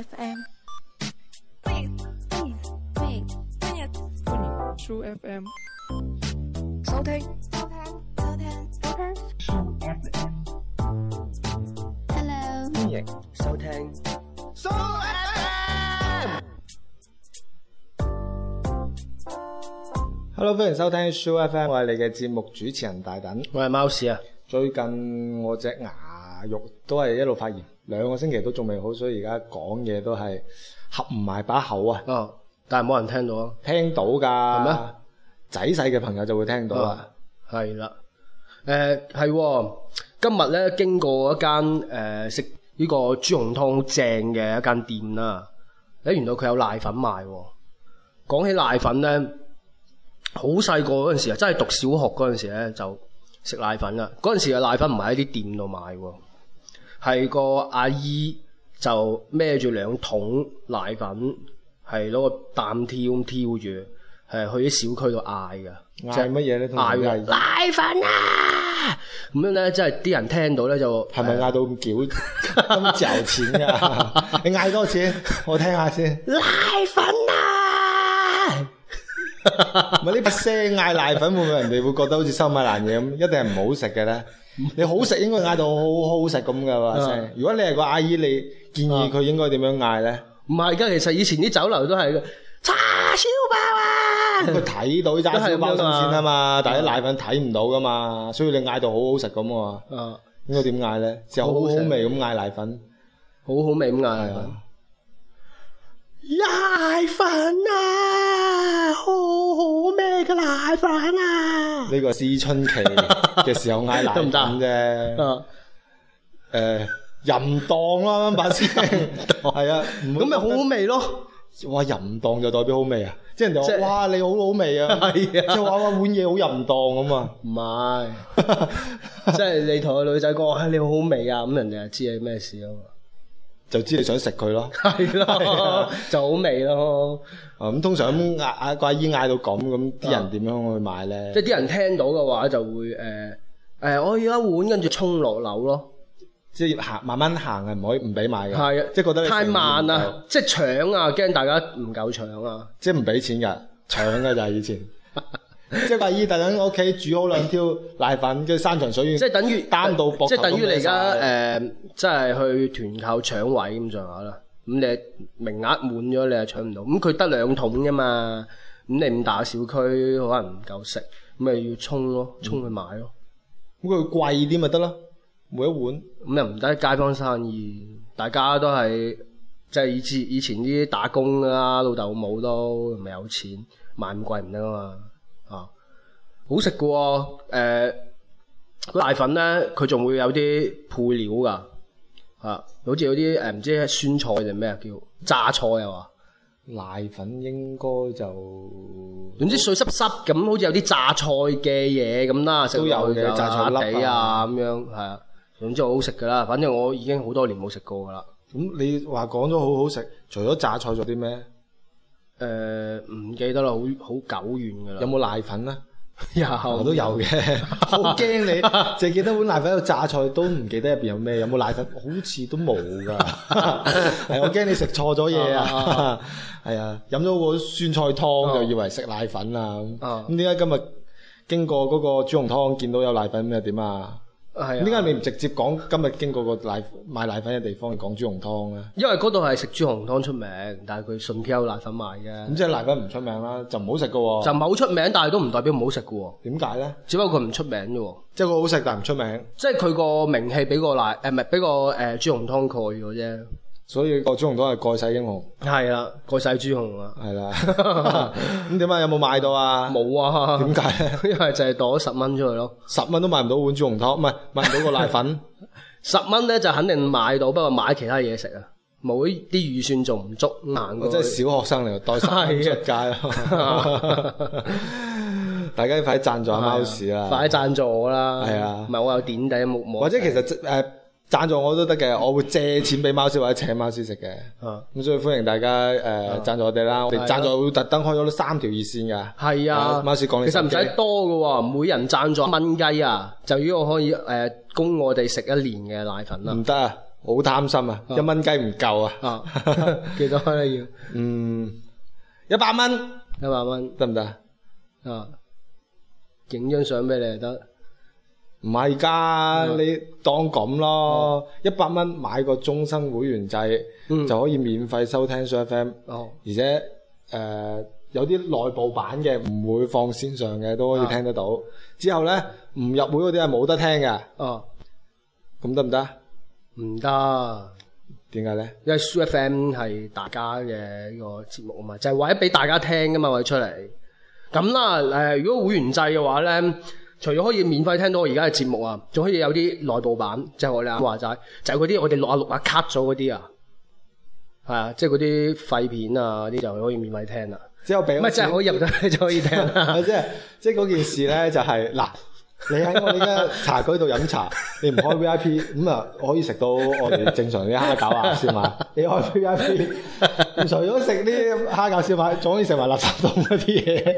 FM，Hello，歡迎收聽。Hello，歡迎收聽 Soo FM。Hello, Soo FM，我係你嘅節目主持人大等。我係貓屎啊。最近我隻牙肉都係一路發炎。兩個星期都仲未好，所以而家講嘢都係合唔埋把口啊！哦、但係冇人聽到啊，聽到㗎，係咩？仔細嘅朋友就會聽到啊。係啦、哦，誒係、呃，今日咧經過一間誒、呃、食呢個豬紅湯正嘅一間店啦，誒、呃、原來佢有奶粉賣、哦。講起奶粉咧，好細個嗰陣時啊，真係讀小學嗰陣時咧就食奶粉啦。嗰陣時嘅奶粉唔係喺啲店度買喎、哦。係個阿姨就孭住兩桶奶粉，係攞個擔挑咁挑住，係去啲小區度嗌噶，嗌乜嘢咧？奶粉，奶粉啊！咁樣咧，即係啲人聽到咧就係咪嗌到咁屌咁就錢噶？你嗌多次，我聽下先。奶粉啊！咪呢把聲嗌奶粉，會唔會人哋會覺得好似收買爛嘢咁？一定係唔好食嘅咧。 你好食應該嗌到好好食咁㗎嘛的！如果你係個阿姨，你建議佢應該點樣嗌呢？唔係，而家其實以前啲酒樓都係、嘅、叉燒包啊，佢睇 到啲叉燒包先算啊嘛，但係啲奶粉睇唔到噶嘛，所以你嗌到好好食咁啊，的應該點嗌呢？就持人好好味咁嗌奶粉，好好持人持人味咁嗌奶粉啊，好好味嘅奶粉啊！呢個是思春期嘅時候嗌奶粉啫，誒 行，淫蕩啦，咪先，係啊，咁咪 行 好好味咯！哇，淫蕩就代表好味啊！即係人哋話是哇，你好好味啊，即係話話碗嘢好淫蕩咁啊！唔係，即係你同個女仔講，你好好味啊，咁人哋就知你咩事啊嘛。就知你想食佢咯，係咯，就好味咯。啊咁、嗯、通常咁嗌啊，個阿姨嗌到咁，咁啲人點樣去買咧、啊？即係啲人聽到嘅話就會誒誒、呃呃，我要一碗，跟住衝落樓咯。即係行慢慢行啊，唔可以唔俾買嘅。係啊的，即係覺得太慢啦，嗯、即係搶啊，驚大家唔夠搶啊。即係唔俾錢㗎，搶㗎就係以前。 即係阿姨，特登屋企煮好兩條奶粉，即係山長水遠，即係等於擔到博，即係等於你而家誒，即係去團購搶位咁上下啦。咁你名額滿咗，你又搶唔到。咁佢得兩桶啫嘛。咁你唔打小區，可能唔夠食，咁咪要沖咯，沖去買咯。咁佢貴啲咪得咯，每一碗。咁又唔得，街坊生意，大家都係即係以前以前啲打工啦，啊，老豆老母都唔係有錢，買咁貴唔得啊嘛。好食噶喎，瀨、呃、粉咧，佢仲會有啲配料㗎嚇，好似有啲誒唔知酸菜定咩叫榨菜啊？話瀨粉應該就總之碎濕濕咁，好似有啲榨菜嘅嘢咁啦，都有嘅榨菜粒，粒啊，咁樣係啊，總之好好食㗎啦。反正我已經好多年冇食過㗎啦。咁、嗯、你話講咗好好食，除咗榨菜，仲有啲咩？誒唔記得啦，好好久遠㗎啦。有冇瀨粉咧？有，都有嘅。好驚你，淨係記得碗奶粉喺度榨菜，都唔記得入邊有咩？有冇奶粉？好似都冇噶。係 我驚你食錯咗嘢、哦哦、 啊！係啊，飲咗碗酸菜湯就以為食奶粉啦。咁咁點解今日經過嗰個豬紅湯見到有奶粉咩？點啊？係啊，點解是你唔直接講今日經過個奶賣奶粉嘅地方，而講豬紅湯咧？因為嗰度係食豬紅湯出名，但係佢順便奶粉賣嘅。咁即係奶粉唔出名啦，就唔好食噶喎？就唔係好出名，但係都唔代表唔好食噶喎？點解咧？只不過佢唔出名啫，即係佢好食但唔出名。即係佢個名氣俾個奶誒，唔係俾個誒豬紅湯蓋咗啫。所以個豬紅湯係蓋世英雄，係啦，蓋世豬紅啊、 嗯，係啦。咁點解有冇買到啊？冇 啊。點解？因為就係袋十蚊出去咯，十蚊都買唔到碗豬紅湯，唔係買唔到個奶粉。 十蚊咧就肯定買到，不過買其他嘢食啊，冇啲預算仲唔足，難過。我真係小學生嚟，袋晒，起出街咯。 大家快啲贊助下貓屎啦！啊、快啲贊助我啦！係啊，唔係我有典禮冇冇？或者其實誒？呃贊助我都得嘅，我會借錢俾貓師或者請貓師食嘅。咁所以歡迎大家誒贊助我哋啦。我哋贊助會特登開咗三條熱綫嘅。係啊，貓師講你，其實唔使多嘅，每人贊助一蚊雞啊，就已我可以誒供我哋食一年嘅奶粉啦。唔得，啊，好貪心啊，一蚊雞唔夠啊。幾多咧要？嗯，一百蚊，一百蚊得唔得？啊，影張相俾你又得。唔係噶，你當咁咯，一百蚊買個終身會員制，mm. 就可以免費收聽 SooFM，oh. 而且誒、呃、有啲內部版嘅唔會放線上嘅都可以聽得到。Yes. 之後呢，唔入會嗰啲係冇得聽嘅。哦、oh.，咁得唔得？唔得。點解呢？因為 SooFM 係大家嘅呢個節目啊嘛，就係為咗俾大家聽噶嘛，我哋出嚟。咁啦，誒，如果會員制嘅話呢。除咗可以免費聽到我而家嘅節目啊，仲可以有啲內部版，就我哋阿華仔，就嗰、是、啲我哋六啊六啊 cut 咗嗰啲啊，啊，即係嗰啲廢片啊啲就可以免費聽啦。只有俾唔係可以入咗去就可以聽啦。 即係嗰件事呢，就係、是 你喺我哋家茶居度飲茶，你唔開 V I P，咁啊可以食到我哋正常嘅蝦餃啊燒賣，你開 V I P 除咗食啲蝦餃燒賣，仲可以食埋 垃圾桶嗰啲嘢。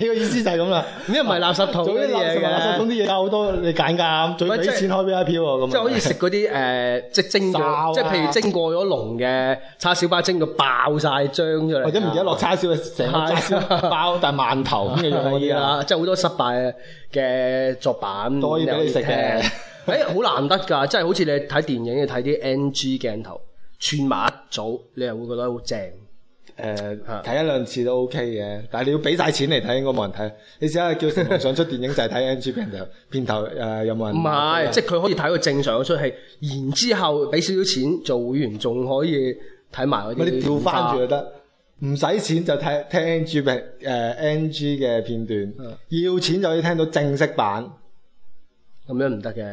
你個意思就係咁啦，你唔係垃圾桶，做啲嘢，垃圾桶啲嘢，有好多你揀揀，最屘是錢開 V I P 喎、啊，咁即係可以食嗰啲誒，即蒸過，啊、即係譬如蒸過咗籠嘅叉燒包蒸到爆晒漿出嚟，或者唔記得落叉燒嘅成個叉燒包， 但係饅頭咁你就可以啦，即係好多失敗嘅。嘅作版食嘅。誒好可、欸、難得㗎，即係 好似你睇電影要睇啲 NG 鏡頭，串埋一組，你又會覺得好正。誒睇、呃、一兩次都 OK 嘅，但係你要俾晒錢嚟睇，應該冇人睇。你試下叫成龍上出電影就係睇 NG，啲、呃、人片頭誒有冇人。唔係是，麼即係佢可以睇個正常嘅出戲，然之後俾少少錢做會員，仲可以睇埋嗰啲。你調翻住就得。唔使錢就聽聽 N G 誒 N G 嘅片段，啊、要錢就可以聽到正式版。咁樣唔得嘅，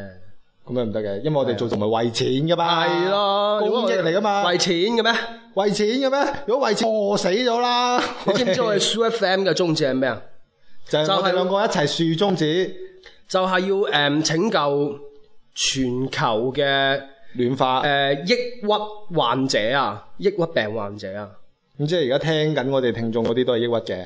咁樣唔得嘅，因為我哋做唔係為錢噶嘛，係咯的公益嚟噶嘛，為錢嘅咩？為錢嘅咩？如果為錢餓死咗啦？你知唔知我哋 Soo FM 嘅宗旨係咩啊？ 就係兩個一齊豎宗旨就，就係要誒、um，拯救全球嘅暖化誒、呃、抑鬱患者啊，抑鬱病患者啊。咁即係而家聽緊我哋聽眾嗰啲都係抑鬱嘅，誒、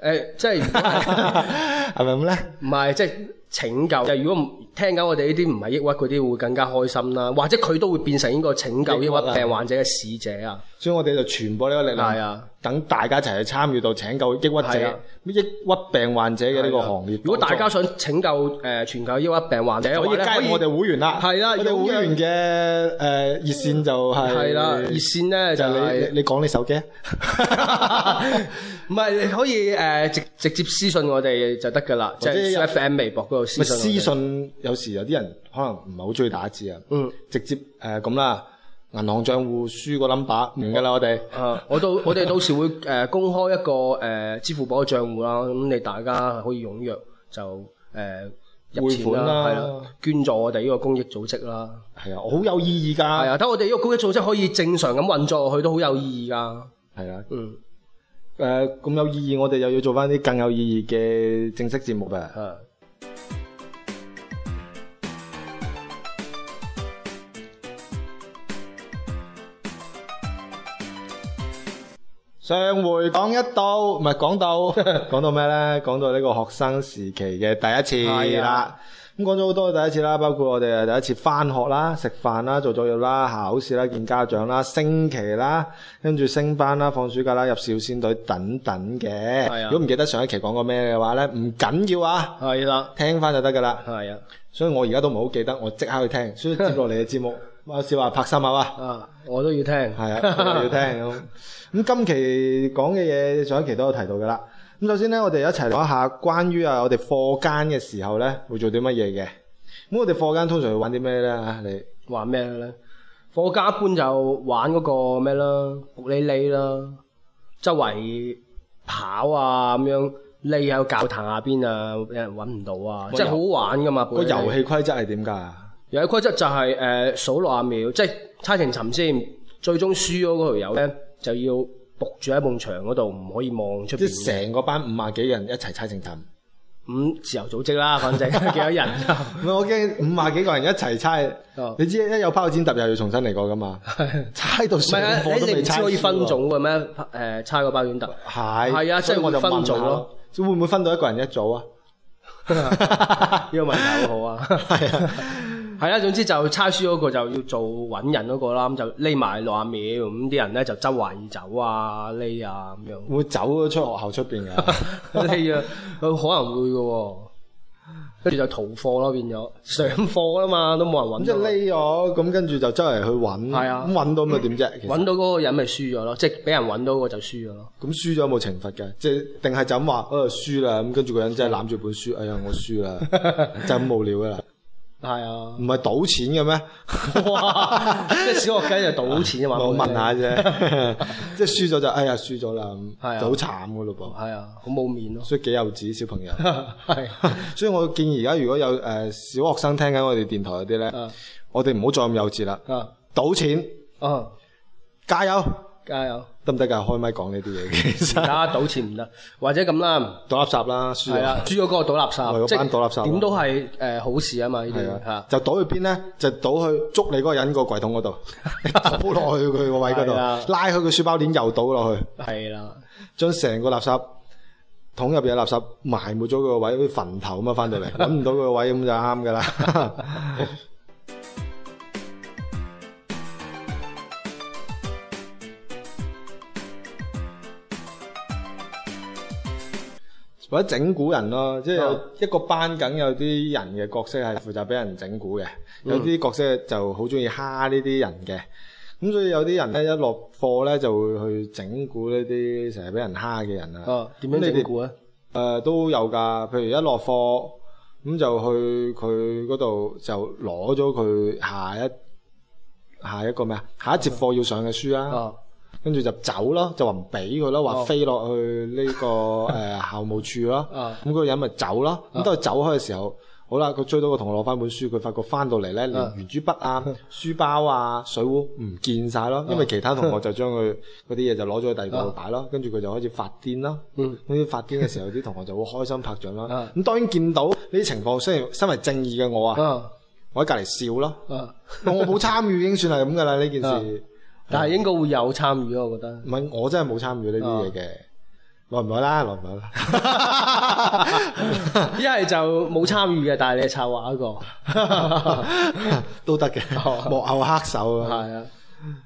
欸，即係係咪咁咧？唔係， 即係拯救。就如果唔聽緊我哋呢啲唔係抑鬱嗰啲，會更加開心啦。或者佢都會變成呢個拯救抑鬱病患，患者嘅使者啊。所以我哋就傳播呢個力量。等大家一齊去參與到拯救抑鬱症、抑鬱病患者嘅呢個行列。如果大家想拯救誒全球抑鬱病患者，可以加入我哋會員啦。係啦，我哋會員嘅誒熱線就係。係啦，熱線咧就係你你講你手機。唔係，你可以誒直直接私信我哋就得噶啦，即係 F M 微博嗰度私信。私信有時有啲人可能唔係好中意打字啊。嗯。直接誒咁啦。銀行賬戶輸個 number 完噶啦，我哋啊，我都我哋到時會誒、呃、公開一個誒、呃、支付寶嘅賬戶啦，咁你大家可以踊躍就誒匯款啦，係款、啊、啦，捐助我哋呢個公益組織啦。係啊，好有意義噶。係啊，等我哋呢個公益組織可以正常咁運作，落去都好有意義噶。係啊，嗯、呃，誒，咁有意義，我哋又要做翻啲更有意義嘅正式節目啊。嗯。上回講一到，唔係講到，講到咩咧？講到呢個學生時期嘅第一次。係啦。咁講咗好多第一次啦，包括我哋啊第一次翻學啦、食飯啦、做作業啦、考試啦、見家長啦、升旗啦、跟住升班啦、放暑假啦、入少先隊等等嘅。係啊，如果唔記得上一期講過咩嘅話咧，唔緊要啊，係啦，聽翻就得噶啦。係啊，以啊所以我而家都唔係好記得，我即刻去聽，所以接落嚟嘅節目。 有事話拍三啊！啊，uh, 我都要聽，係啊、嗯，要聽咁。今期講嘅嘢，上一期都有提到噶啦。咁首先咧，我哋一齊講下關於啊，我哋課間嘅時候咧，會做啲乜嘢嘅。咁我哋課間通常會玩啲咩咧？吓，你玩咩咧？課間一般就玩嗰個咩啦，伏匿匿啦，周圍跑啊咁樣，匿喺教堂下邊啊，俾人搵唔到啊，即係有好玩噶嘛。個遊戲規則係點噶？有規則就係誒數六廿秒，即係猜成尋先。最終輸咗嗰條友咧就要伏住喺埲牆嗰度，唔可以望出。即係成個班五廿幾人一齊猜成尋，咁自由組織啦，反正幾多人？我驚五廿幾個人一齊猜，你知一有包剪揼又要重新嚟過噶嘛？猜到輸，你唔知可以分組嘅咩？誒猜個包剪揼，係係啊，即係我就分組咯。會唔會分到一個人一組啊？呢個問題好好啊，係啊。係啦， 總之就差書嗰個就要做揾人嗰個啦，咁就匿埋六廿秒，咁啲人咧就周圍走啊匿啊，咁樣。會走咗出學校出邊啊。匿啊，可能會噶、啊。跟住就逃課咯，變咗上課啊嘛，都冇人揾，即係匿咗。咁、哎呃、跟住就周圍去揾，係、哎呃、啊，咁揾到咪又點啫？揾到嗰個人咪輸咗咯,即係俾人揾到個就輸咗咯。咁輸咗有冇懲罰嘅？即係定係就咁話，誒，輸 啦樂，咁跟住個人真係攬住本書，哎 呀樂，我輸啦，就咁無聊噶啦。係啊，唔係賭錢嘅咩？ 即係小學雞就賭錢嘅嘛。 我問下啫， 即係輸咗就哎呀輸咗啦，就好慘㗎咯噃。係啊，好冇、啊啊、面咯、啊。所以幾幼稚小朋友。係、啊，所以我建議而家如果有誒、呃、小學生聽緊我哋電台嗰啲咧，啊、我哋唔好再咁幼稚啦。賭、啊、錢，嗯、啊，加油。加油得唔得噶？開咪講呢啲嘢，其實而家賭錢唔得，或者咁啦，倒垃圾啦，輸係啦，輸咗嗰個倒垃圾，即係點都係誒好事啊嘛？呢啲就倒去邊咧？就倒去捉你嗰個人個櫃桶嗰度，倒落去佢個位嗰度，拉開個書包鏈又倒落去，係啦，將成個垃圾桶入邊嘅垃圾埋沒咗佢個位，好似墳頭咁啊！翻到嚟揾唔到佢個位咁就啱噶啦。或者整蠱人咯，即係一個班梗有啲人嘅角色係負責俾人整蠱嘅，有啲角色就好中意蝦呢啲人嘅，咁所以有啲人咧一落課咧就會去整蠱呢啲成日俾人蝦嘅人啊。哦，點樣整蠱啊？誒、呃、都有㗎，譬如一落課咁就去佢嗰度就攞咗佢下一下一個咩啊？下一節課要上嘅書啊。跟住就走咯，就話唔俾佢咯，話飛落去呢個誒校務處咯。咁嗰個人咪走咯。咁當佢走開嘅時候，好啦，佢追到個同學攞翻本書，佢發覺翻到嚟咧，連圓珠筆啊、書包啊、水壺唔見晒咯。因為其他同學就將佢嗰啲嘢就攞咗去第二度擺咯。跟住佢就開始發癲咯。呢啲發癲嘅時候，啲同學就好開心拍掌啦。咁當然見到呢啲情況，雖然身為正義嘅我啊，我喺隔籬笑咯。我冇參與已經算係咁噶啦呢件事。但係應該會有參與咯，我覺得。唔係，我真係冇參與呢啲嘢嘅。來唔來啦？來唔來啦？一係就冇參與嘅，但係你係策劃一個，都得嘅。幕後黑手啊！係啊。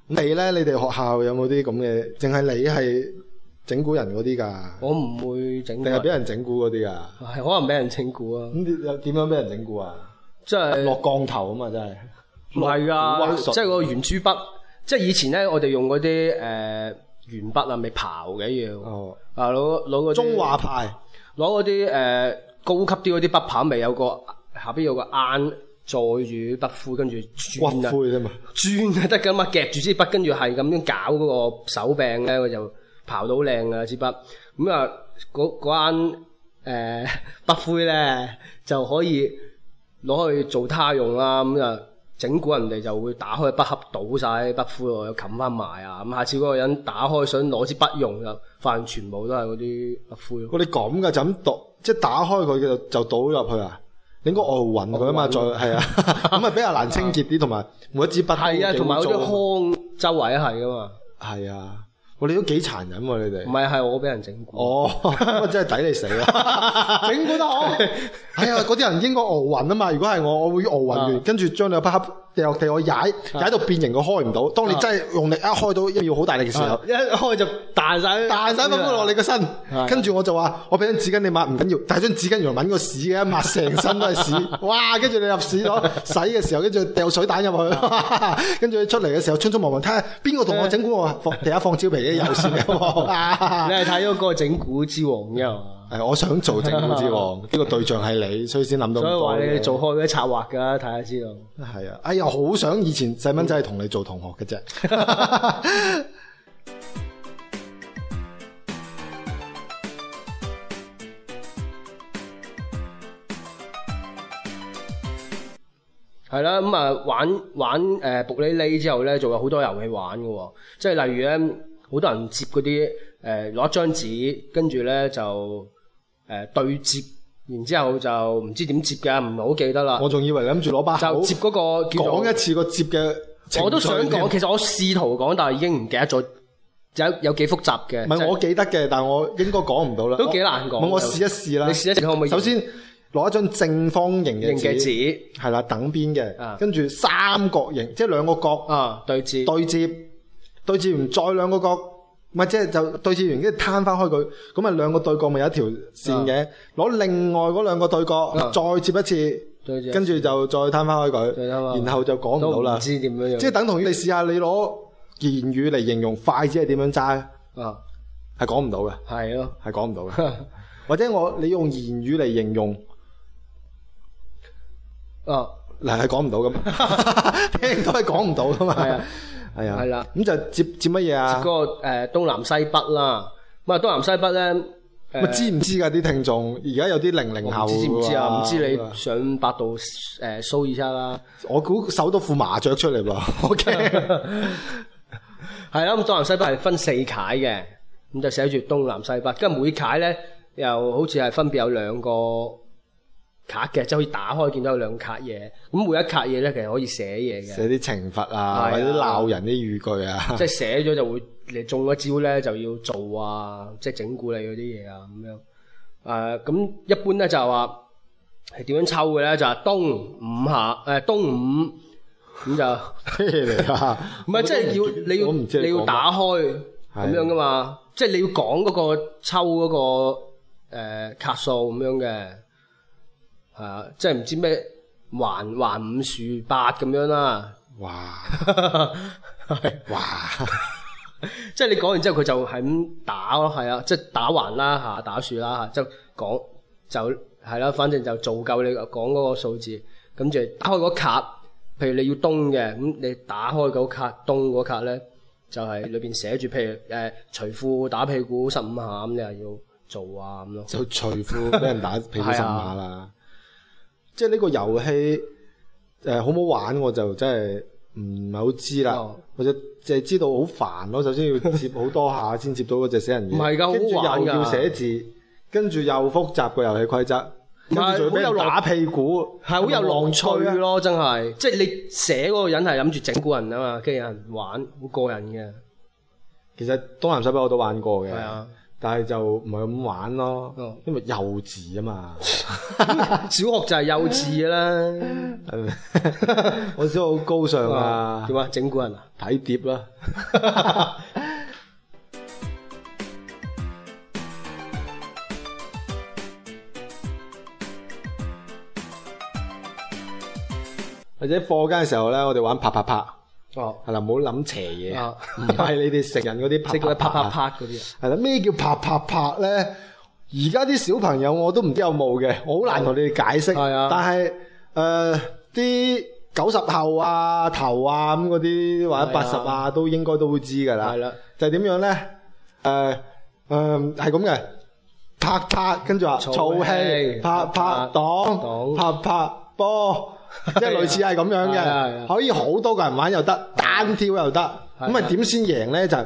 你咧？你哋學校有冇啲咁嘅？淨係你係整蠱人嗰啲㗎？我唔會整蠱。定係俾人整蠱嗰啲啊？係可能俾人整蠱啊。咁你又點樣俾人整蠱啊？即係落降頭啊嘛！真係。唔係啊，即係個圓珠筆。即係以前咧，我哋用嗰啲誒鉛筆啊，未、呃、刨嘅一樣。哦，啊攞攞個中華牌，攞嗰啲誒高級啲嗰啲筆刨咪有個下邊有個眼載住筆灰，跟住轉啊。轉骨灰啫嘛，轉啊得噶嘛，夾住支筆，跟住係咁樣搞嗰個手柄咧，我就刨到靚啊支筆。咁啊，嗰嗰啲誒筆灰咧就可以攞去做他用啦。咁啊。整蠱人哋就會打開筆盒，倒晒筆灰落去，冚返埋啊！咁下次嗰個人打開想攞支筆用，就發現全部都係嗰啲筆灰。我哋咁噶就咁倒，即係打開佢嘅，就倒入去啦。你應該外暈佢啊嘛，運再係啊，咁啊 比較難清潔啲，同埋 每一支筆都係啊，同埋嗰啲康周圍都係噶嘛。係啊。我哋都幾殘忍喎，你哋唔係，係我俾人整蠱，咁真係抵你死啊！整蠱得好我！ 哎呀，嗰啲人應該係奧運啊嘛，如果係我，我會奧運完、嗯、跟住將你啪。掉落地，地我踩，踩到變形，我開唔到。當你真係用力一開到，要好大力嘅時候的，一開就彈晒，彈晒滾落你個身。跟住的我就話，我俾張紙巾你抹，唔緊要。但係張紙巾原來抹個屎嘅，一抹成身都係屎， 哇屎。哇！跟住你入屎桶洗嘅時候，春春茫茫看看跟住掉水彈入去，跟住出嚟嘅時候，匆匆忙忙睇下邊個同我整蠱我，放地下放蕉皮，有屎嘅。哈哈 你係睇嗰個整蠱之王係，我想做正都之王，呢個對象係你，所以先諗到咁多嘅。所以話你做開啲策劃㗎，睇下知道。係啊，哎呀，好想以前細蚊仔係同你做同學嘅啫。係啦，咁啊，玩玩誒卜哩哩之後咧，仲有好多遊戲玩嘅喎，即係例如咧，好多人接嗰啲誒攞張紙，跟住咧就。誒對摺，然之後就唔知點摺嘅，唔係好記得啦。我仲以為諗住攞把。就摺嗰個講一次個摺嘅程序。我都想講，其實我試圖講，但係已經唔記得咗，有有幾複雜嘅。唔係我記得嘅，但係我應該講唔到啦，都幾難講。唔，我試一試啦。你試一試，可唔可以？首先攞張正方形嘅紙，係啦，等邊嘅，跟住三角形，即係兩個角對摺，對摺，對摺完再兩個角。唔係，即係就對摺完，跟住攤翻開佢，咁啊兩個對角咪有一條線嘅。攞另外嗰兩個對角再摺一次，跟住就再攤翻開佢，然後就講唔到啦。都唔知點樣樣。即係等同於你試下你攞言語嚟形容筷子係點樣揸？啊，係講唔到嘅。係咯，係講唔到嘅。或者我你用言語嚟形容，啊，嗱係講唔到噶，聽都係講唔到噶嘛。係啊，係啦、嗯，咁就接接乜嘢啊？接嗰、那個誒、呃、東南西北啦，咁啊東南西北咧，咁、呃、知唔知噶啲聽眾？而家有啲零零後知唔知啊？唔知,知,知,、啊啊、知你上百度誒搜一下啦。我估搜到副麻雀出嚟噃。O K，係啦，咁東南西北係分四楷嘅，咁、嗯、就寫住東南西北，跟住每楷咧，又好似係分別有兩個。卡嘅，即係可以打開見到有兩卡嘢，咁每一卡嘢咧，其實可以寫嘢嘅，寫啲懲罰啊，或者鬧人啲語句啊，哎、呀即係寫咗就會你中咗招咧，就要做啊，即係整蠱你嗰啲嘢啊咁樣。誒、嗯、咁、嗯、一般咧就係話係點樣抽嘅咧，就係、東五下，誒、哎、東五咁就，嚟唔係即係要你要你要，你，你要打開咁樣噶嘛，即係的你要講嗰個抽嗰、嗰個、呃呃、卡數咁樣嘅。誒，即係唔知咩環環五樹八咁樣啦。 啊、哇！哇！即係你講完之後，佢就係咁打咯，係啊，即、就、係、是、打環啦吓，打樹啦吓、啊，就講、是、就係啦、啊，反正就做夠你講嗰個數字，跟住打開嗰卡，譬如你要東嘅，咁你打開個卡東嗰卡咧，就係、是、裏邊寫住，譬如誒，除褲打屁股十五下咁，你又要做啊咁咯。嗯、就除褲俾人打屁股十五下啦。哎即係呢個遊戲誒、呃、好唔好玩我就真係唔係好知啦，或者淨係知道好、oh. 煩咯。首先要接好多下先接到嗰隻死人字，唔係㗎，好，好玩㗎。又要寫字，跟住又複雜個遊戲規則，係好有打屁股，係好有樂趣咯， 真係。即係你寫嗰個人係諗住整蠱人啊嘛，跟住有人玩好過癮嘅。其實東南西北我都玩過嘅。但係就唔係咁玩咯，因為幼稚啊嘛。 小學就係幼稚嘅啦， 我小學好高尚啊。點啊？ 整蠱人啊？睇碟啦。 或者課間嘅時候咧，我哋玩啪啪啪。哦，係啦，唔好諗邪嘢，唔係你哋成人嗰啲拍，食嗰啲啪啪啪嗰啲。係啦，咩叫啪啪啪咧？而家啲小朋友我都唔知有冇嘅，我好難同你哋解釋。係啊，但係誒，啲九十後啊、頭啊咁嗰啲或者八十啊都應該都會知噶啦。係啦，就係點樣咧？誒誒，係咁嘅，啪啪，跟住話吵氣，啪啪檔，啪啪波。即係類似係咁樣嘅，可以好多個人玩又得，單挑又得，咁啊點先贏咧就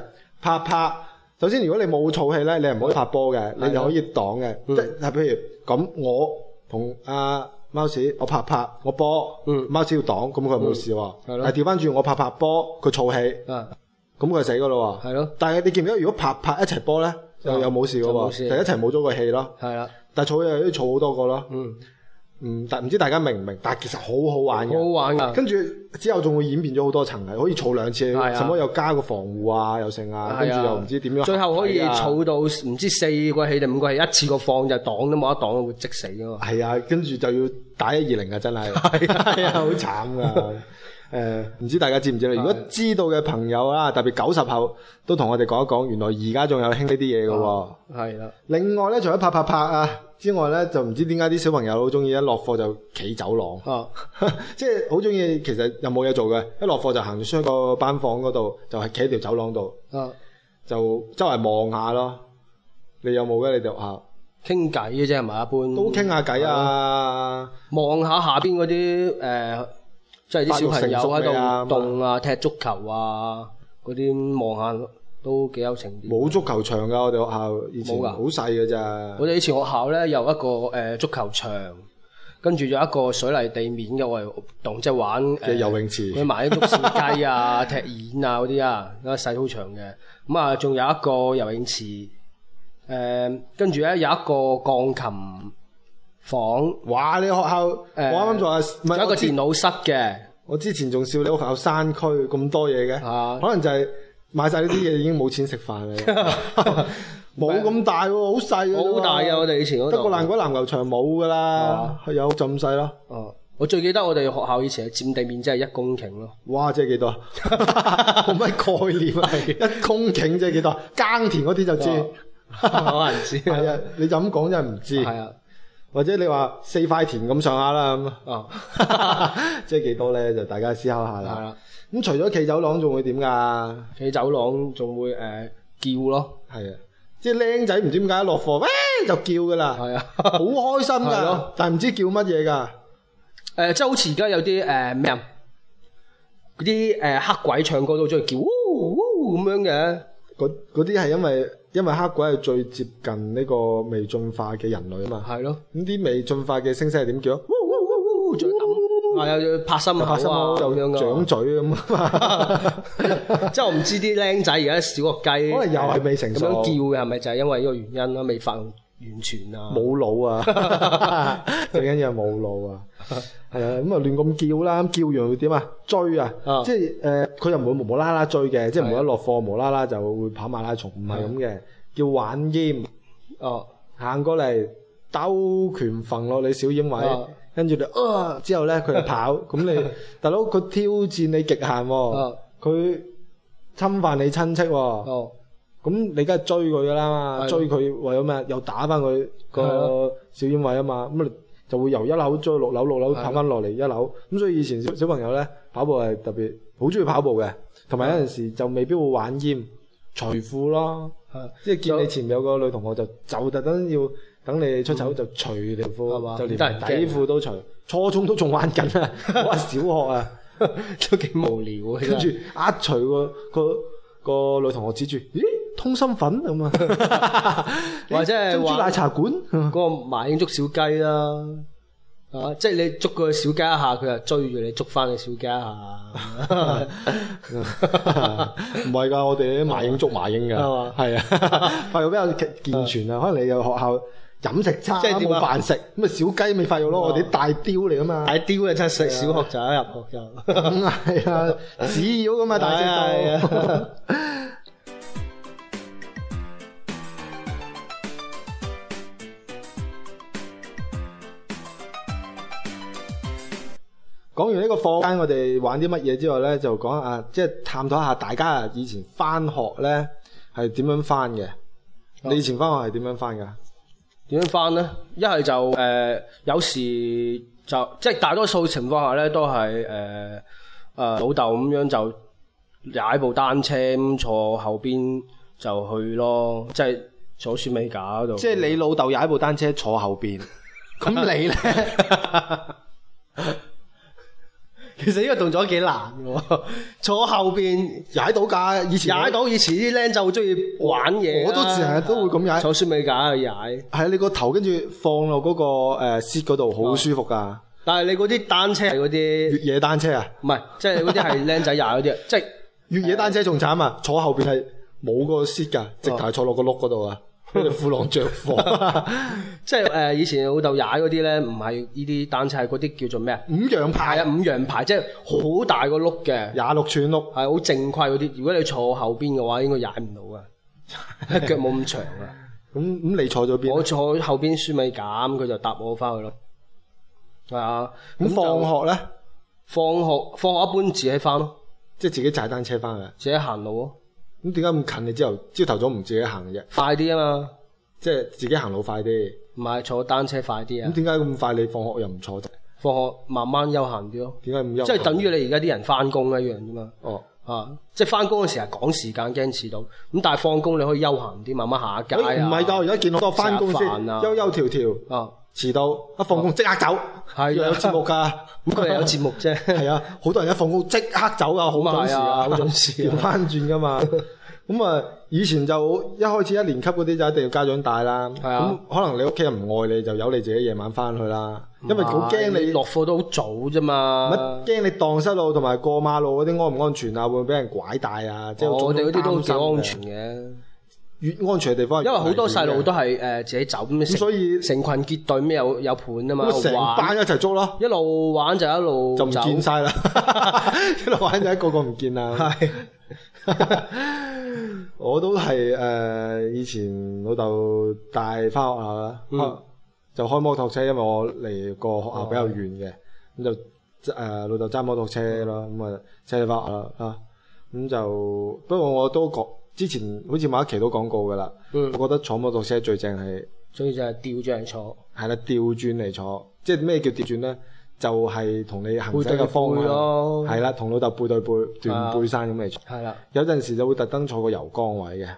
拍拍。首先如果你冇儲氣咧，你係唔可以拍波嘅，你哋可以擋嘅。即係譬如咁，我同阿貓屎，我拍拍我波，貓屎要擋，咁佢冇事喎。係咯。但係調翻轉，我拍拍波，佢儲氣，咁佢係死噶啦。係咯。但係你見唔見到，如果拍拍一齊波咧，又又冇事噶喎，就一齊冇咗個氣咯。係啦。但係儲氣都儲好多個咯。嗯。嗯，但唔知大家明唔明？但係其實好好玩嘅，好玩噶。跟住之後仲會演變咗好多層嘅，可以儲兩次，啊、什麼又加個防護啊，又剩啊，跟住、啊、又唔知點樣、啊。最後可以儲到唔知四個氣定五個氣，一次個放就擋都冇得擋，會即死啊嘛。係啊，跟住就要打一二零啊，真係是係啊，好慘㗎。 誒，唔、呃、知大家知唔知咧？如果知道嘅朋友啊，是的 特別九十後都同我哋講一講，原來而家仲有興呢啲嘢嘅。係啦、啊。另外咧，除咗拍拍拍啊之外咧，就唔知點解啲小朋友好中意一落課就企走廊。哦，啊、 即係好中意，其實有冇嘢做嘅，一落課就行出個班房嗰度，就係企喺條走廊度。啊，就周圍望下咯。你有冇咧？你哋學校？傾偈嘅啫，係咪？一般都傾下偈啊，望下、嗯、下邊嗰啲誒。呃呃呃即係啲小朋友喺度動啊，踢足球啊，嗰啲望下都幾有情調。冇足球場噶，我哋學校以前好細嘅咋。我哋以前學校咧有一個誒足球場，跟住有一個水泥地面嘅活動，即係玩即游泳池，玩啲竹鼠雞啊、 踢毽啊嗰啲啊，個細操場嘅。咁、嗯、啊，仲有一個游泳池，誒、嗯，跟住咧有一個鋼琴。房哇！你學校我啱啱仲話，有一個電腦室嘅。我之前仲笑你學校山區咁多嘢嘅，可能就係買晒呢啲嘢已經冇錢食飯啦。冇咁大，好細嘅。好大嘅，我哋以前嗰得個爛鬼籃球場冇噶啦，係有就咁細啦。哦，我最記得我哋學校以前嘅佔地面積係一公頃咯。哇，即係幾多啊？冇乜概念啊！一公頃即係幾多？耕田嗰啲就知，可能知啊。你就咁講真係唔知係啊。或者你話四塊田咁上下啦咁，哦、 即係幾多咧？就大家思考下啦。咁的除咗企走廊仲會點噶？企走廊仲會誒、呃、叫咯，係啊，即係靚仔唔知點解落課，喂、呃、就叫噶啦，係啊的，好開心㗎，的但係唔知叫乜嘢㗎。誒、呃，即係好似而家有啲誒咩啊？嗰啲誒黑鬼唱歌都中意叫，咁、哦哦哦、樣嘅嗰啲係因為。因為黑鬼係最接近呢個未進化嘅人類啊嘛，係咯的，咁啲未進化嘅聲聲係點叫？唔係有拍心啊，掌嘴咁啊嘛，即係我唔知啲僆仔而家小學雞，可能又係未成熟咁樣叫嘅，係咪就係因為呢個原因啦、啊？未發。完全啊，冇腦啊，最緊要冇腦啊，係啊，咁啊亂咁叫啦，咁叫完會點啊？追啊，即係誒，佢又唔會無無啦啦追嘅，即係唔會一落課無啦啦就會跑馬拉松，唔係咁嘅，叫玩煙哦，行過嚟兜拳揈落你小英位，跟住就，啊，之後咧佢就跑，咁你大佬佢挑戰你極限，佢侵犯你親戚喎。咁你梗係追佢噶啦嘛，的追佢為咗咩？又打翻佢個小煙位啊嘛，咁的你就會由一樓追六樓，六樓跑翻落嚟一樓。咁的所以以前小,小朋友咧跑步係特別好中意跑步嘅，同埋有陣時就未必會玩煙除褲咯。的即係見你前面有個女同學就就特登要等你出醜、嗯、就除條褲，嗯、就連底褲都除。嗯、初中都仲玩緊啊， 我小學啊 都幾無聊。 跟住壓除個個個,個女同學指住咦？通心粉咁啊，或者係話奶茶館嗰個麻鷹捉小雞啦，啊，即係你捉個小雞一下，佢又追住你捉翻個小雞一下，唔係噶，我哋啲麻鷹捉麻鷹噶，係啊，發育比較健全啊，可能你有學校飲食差冇飯食，咁啊小雞咪發育咯，我哋啲大雕嚟啊嘛，大雕啊真係食小學就一入學就，係啊紙鷂咁啊大隻到。講完呢個課間我哋玩啲乜嘢之後咧，就講啊，即係探討下大家啊，以前翻學咧係點樣翻嘅？Oh. 你以前翻學係點樣翻噶？點樣翻咧？一係就誒、呃，有時就即係大多數情況下咧都係誒，啊老豆咁樣就踩部單車，坐後邊就去咯，即係坐雪尾架嗰度。即係你老豆踩部單車坐後邊，咁 你咧呢？ 其實呢個動作幾難嘅，坐後邊踩到架，以前踩到以前啲僆仔好中意玩嘢、啊，我都成日都會咁踩，的坐雪地架去踩。係啊，你頭、你個頭跟住放落嗰個誒 sit 嗰度，好、uh, 舒服噶、嗯。但係你嗰啲單車係啲越野單車啊？唔係，即係嗰啲係僆仔踩嗰啲，即係、 就是、越野單車仲慘啊！ 坐後邊係冇個 sit 噶、嗯，直頭坐落個碌嗰度啊。跟住富龍着火， 即係誒、呃，以前老豆踩嗰啲咧，唔係呢啲單車，係嗰啲叫做咩啊？五羊牌啊，五羊牌，即係好大個碌嘅，廿六寸碌，係好正規嗰啲。如果你坐後邊嘅話，應該踩唔到噶，腳冇咁長啊。咁咁 你坐咗邊？我坐後邊輸咪減，佢就搭我翻去咯。係啊。咁放學咧？放學放學一般自己翻咯，即係自己踩單車翻去，自己行路咯。咁點解咁近你朝頭朝頭早唔自己行嘅啫？快啲啊嘛，即係自己行路快啲。唔係坐單車快啲啊！咁點解咁快你放學又唔坐？放學慢慢悠閒啲咯。點解咁休閒？即係等於你而家啲人翻工一樣啫嘛。哦，啊，即係翻工嘅時候趕時間，驚遲到。咁但係放工你可以悠閒啲，慢慢行下街啊。唔係㗎，我而家見到好多翻工先，悠悠、啊、條條啊。遲到一放工即刻走，哦、又有節目噶，咁咪 有節目啫？係啊，好多人一放工即刻走啊，好準時啊，啊好準時、啊。調翻轉噶嘛，咁 啊、嗯，以前就一開始一年級嗰啲就一定要家長帶啦。係啊、嗯，可能你屋企人唔愛你，就由你自己夜晚翻去啦。是因為好驚你落課都好早啫嘛，乜驚你蕩失路同埋過馬路嗰啲安唔安全啊？會唔會俾人拐帶啊？即、哦哦、我哋嗰啲都好幾安全嘅。 越安全嘅地方，因為好多細路都係誒自己走咁，所以成群結隊咩有有伴啊嘛，咁成班玩一齊捉咯，一路玩就一路走就唔見晒啦，一路玩就一個個唔見啦。係 對， 我都係誒、呃、以前老豆帶翻學校啦，嗯、就開摩托車，因為我嚟個學校比較遠嘅，咁、哦、就誒老豆揸摩托車咯，咁、嗯、啊車你翻學啦，咁就，就，就，就，就，就，就不過我都覺。之前好似某一期都講過嘅啦，我覺得坐摩托車最正係最正係掉轉坐，係啦掉轉嚟坐，即係咩叫掉轉咧？就係同你行駛嘅方向，係啦，同老豆背對背，斷背山咁嚟坐。係啦，有陣時就會特登坐個油缸位嘅，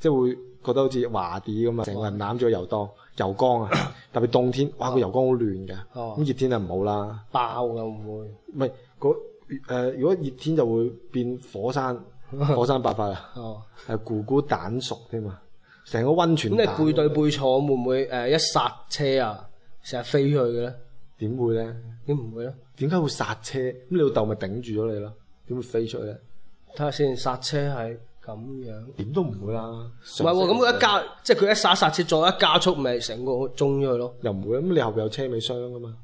即係會覺得好似滑地咁啊！成個人攬咗油缸油缸啊，特別冬天，哇！個油缸好暖嘅，咁熱天就唔好啦，爆噶會唔會，唔係嗰如果熱天就會變火山。火山爆發啊！哦，係咕咕蛋熟添嘛，成個温泉。咁你背對背坐，會唔會誒、呃、一剎車啊，成日飛去嘅咧？點會咧？點唔會咧？點解會剎車？咁你老豆咪頂住咗你咯？點會飛出去咧？睇下先，剎車係咁樣。點都唔會啦、啊。唔係喎，咁佢、呃、一加，即係佢一剎剎車再一加速，咪成個中咗佢咯？又唔會咁，你後邊有車尾箱噶、啊、嘛？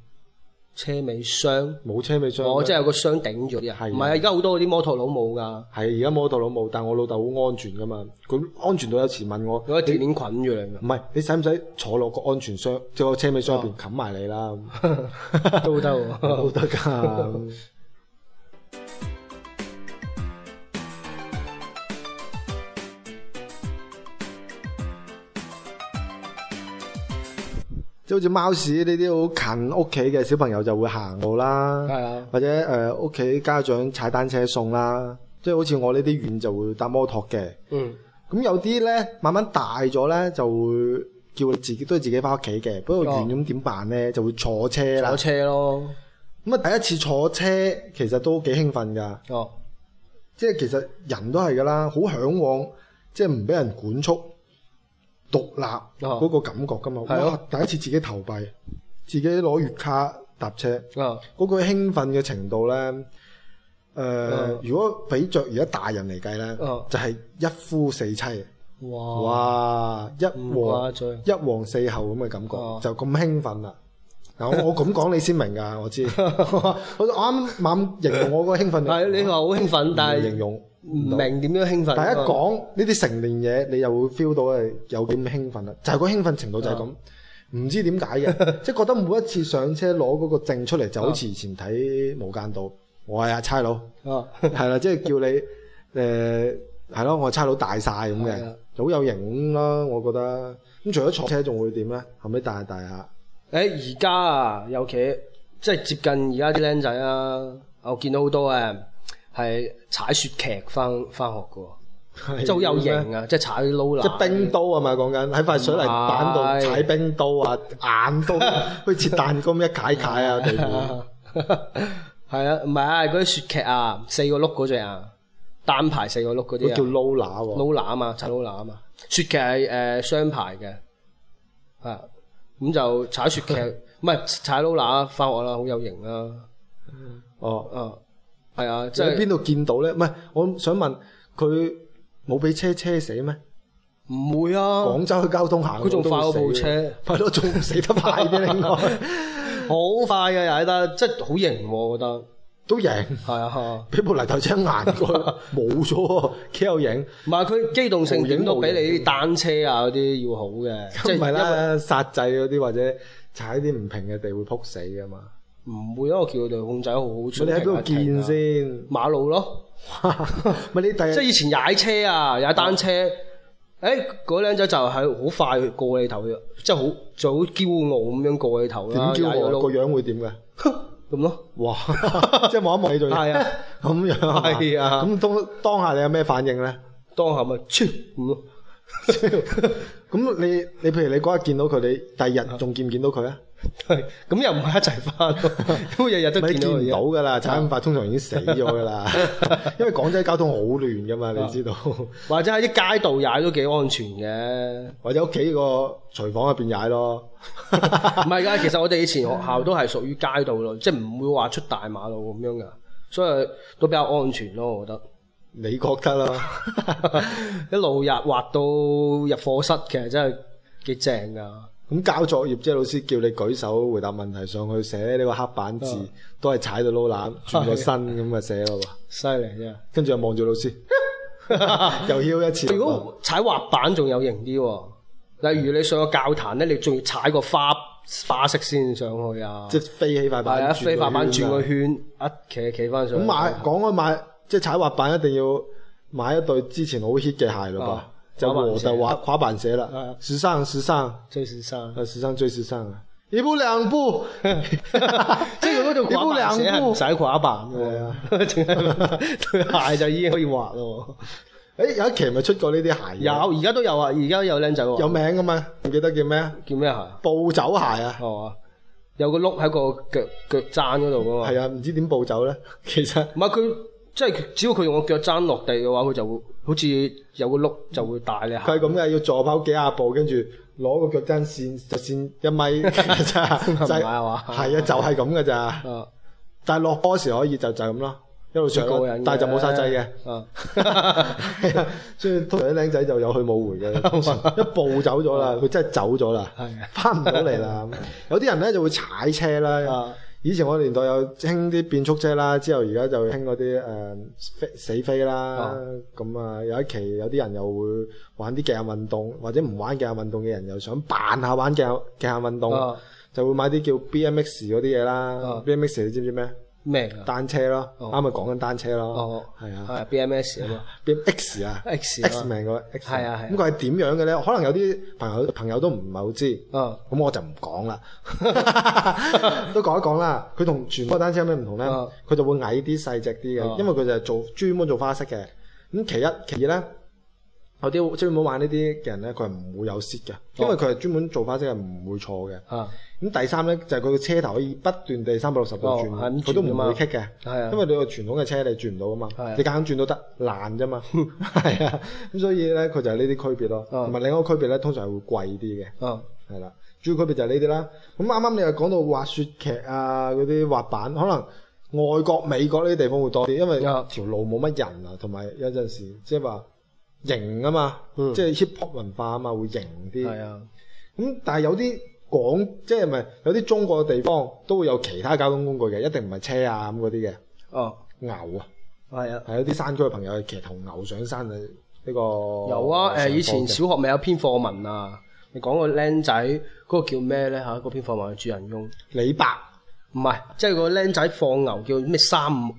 車尾箱，冇車尾箱，尾箱我即係有個箱頂住嘅，唔係而家好多嗰啲摩托佬冇㗎。係而家摩托佬冇，但係我老豆好安全㗎嘛，佢安全到有時問我，有攞鐵鏈捆住你㗎。唔係，你使唔使坐落個安全箱，即係車尾箱入邊冚埋你啦？都得、哦，都得㗎。好似貓屎呢啲好近屋企嘅小朋友就會行路啦，啊、或者誒屋企家長踩單車送啦，即係好似我呢啲遠就會搭摩托嘅。嗯，咁有啲咧慢慢大咗咧就會叫佢自己都係自己翻屋企嘅，哦、不過遠咁點辦咧就會坐車啦。坐車咯，咁啊，第一次坐車其實都幾興奮㗎。哦，即係其實人都係㗎啦，好嚮往即係唔俾人管束。獨立嗰個感覺㗎嘛，哇！的第一次自己投幣，自己攞月卡搭車，嗰個、哦、興奮嘅程度咧，誒、呃，哦、如果比着而家大人嚟計咧，哦、就係一夫四妻，哇，哇，一王一王四後咁嘅感覺，哦、就咁興奮啦！嗱，我我咁講你先明㗎，我知， 我啱啱形容我嗰個興奮，係你話好興奮，但係。唔明點樣興奮，但一講呢啲成年嘢，嗯、你又會 feel 到誒有幾咁興奮啦。就係、係、個興奮程度就係咁，唔、嗯、知點解嘅，即係、嗯、覺得每一次上車攞嗰個證出嚟，就好似以前睇無間道，嗯、我係阿差佬，係啦、嗯，即係、就係、叫你誒係咯，我係差佬大晒咁嘅，就好有型啦，我覺得。咁除咗坐車仲會點咧？後尾大下大下。誒而家啊，尤其即係接近而家啲僆仔啊。我見到好多誒、啊。係踩雪屐翻翻學噶即係好有型啊！即係踩啲撈籃，即冰刀啊嘛！講緊喺塊水泥板度踩冰刀啊，眼刀，好似切蛋糕一解解啊！對唔住，係啊，唔係啊，嗰啲雪屐啊，四個碌嗰隻啊，單排四個碌嗰隻啊，叫撈籃喎，撈籃啊嘛，踩撈籃啊嘛，雪屐係誒雙排嘅，啊，咁就踩雪屐，唔係踩撈籃啊，翻學啦，好有型啊，哦，嗯。係啊，即係喺邊度見到咧？唔係，我想問佢冇俾車車死咩？唔會啊！廣州嘅交通行，佢仲快過部車，快到仲死得快啲咧。好快嘅又係得，即係好型，我覺得都型。係啊，比部泥頭車硬過，冇咗喎，幾有型。唔係佢機動性點都比你啲單車啊嗰啲要好嘅，即係因為剎制嗰啲或者踩啲唔平嘅地會撲死噶嘛。唔會咯，我見佢條控仔好好出，你喺邊度見先？馬路咯，咪你第，即係以前踩車啊，踩單車，誒，嗰靚仔就係好快過你頭嘅，即係好就好驕傲咁樣過你頭啦，點驕傲。個樣會點嘅？咁咯，哇，即係望一望你仲係啊，咁樣係啊，咁當當下你有咩反應咧？當下咪超咯，咁你你譬如你嗰日見到佢，你第二日仲見唔見到佢啊？係，咁又唔係一齊返，都日日都見到嘅啦。踩咁快通常已經死咗噶啦， 因為廣州交通好亂噶嘛， 你知道。或者喺啲街道踩都幾安全嘅，或者屋企個廚房入邊踩咯。唔係噶，其實我哋以前學校都係屬於街道咯，即係唔會話出大馬路咁樣噶，所以都比較安全咯。我覺得，你覺得啊？ 一路入滑到入課室，其實真係幾正噶。咁交作業即係老師叫你舉手回答問題，上去寫呢個黑板字，都係踩到撈攬轉個身咁嘅寫咯喎。犀利啫！跟住又望住老師，又囂一次。如果踩滑板仲有型啲喎，例如你上個教壇咧，你仲要踩個花花式先上去啊！即係飛起塊板，飛塊板轉個圈，一企企翻上。咁買講開買，即係踩滑板一定要買一對之前好 hit 嘅鞋咯喎。就我的滑滑板鞋了，啊！時尚，時尚，最時尚，啊！時尚最時尚啊！一步兩步，這個嗰種滑板鞋係唔使滑板嘅。係啊，淨係對鞋就已經可以滑咯。誒，有一期咪出過呢啲鞋？有，而家都有啊，而家有靚仔喎，有名噶嘛？唔記得叫咩？叫咩鞋？步走鞋啊，哦，有個碌喺個腳腳踭嗰度噶嘛？係啊，唔知點步走咧？其實唔係佢。即係只要佢用個腳踭落地嘅話，佢就會好似有個轆就會大咧嚇。係咁嘅，要助跑幾啊步，跟住攞個腳踭線就線一米，真係係啊，就係咁嘅咋。哎、但係落坡時可以就就咁、是、咯，一路上高，哎、但係就冇晒掣嘅。哎、 所以通常啲僆仔就有去冇回嘅，一步走咗啦，佢真係走咗啦，翻唔到嚟啦。有啲人咧就會踩車啦。以前我年代有興啲變速車啦，之後而家就興嗰啲誒死飛啦。咁啊、哦、有一期有啲人又會玩啲極限運動，或者唔玩極限運動嘅人又想扮下玩極極限運動，哦、就會買啲叫 B M X 嗰啲嘢啦，B M X 你知唔知咩？咩單車咯，啱咪講緊單車咯，係啊，B M S 啊，B X 啊，X X 名個 X，係啊係，咁佢係點樣嘅咧？可能有啲朋友朋友都唔係好知，咁我就唔講啦，都講一講啦。佢同全部單車有咩唔同咧？佢就會矮啲細隻啲嘅，因為佢就係做專門做花式嘅。咁其一其二咧。有啲即係唔好玩呢啲嘅人咧，佢係唔會有蝕嘅，因為佢係專門做花式，係、就、唔、是、會錯嘅。咁、哦、第三咧就係佢嘅車頭可以不斷地三百六十度轉，佢都唔會棘嘅。啊、因為你個傳統嘅車你轉唔到啊嘛，啊你夾硬轉都得，爛啫嘛。係啊，咁、 啊、所以咧佢就係呢啲區別咯。同埋、啊、另外一個區別咧，通常係會貴啲嘅。係啦、啊，主要區別就係呢啲啦。咁啱啱你又講到滑雪橇啊，嗰啲滑板，可能外國美國呢啲地方會多啲，因為條路冇乜人啊，同埋有陣時即係話。就是型啊嘛，即係 hip hop 文化啊嘛，會型啲。係啊，咁但係有啲廣，即係咪有啲中國嘅地方都會有其他交通工具嘅，一定唔係車啊咁嗰啲嘅。哦，牛啊，係啊，係有啲山區嘅朋友其實同牛上山嘅呢個。有啊，誒以前小學咪有篇課文啊，你講個僆仔嗰個叫咩咧嚇？嗰篇課文嘅主人公李白，唔係，即係個僆仔放牛叫咩三毛？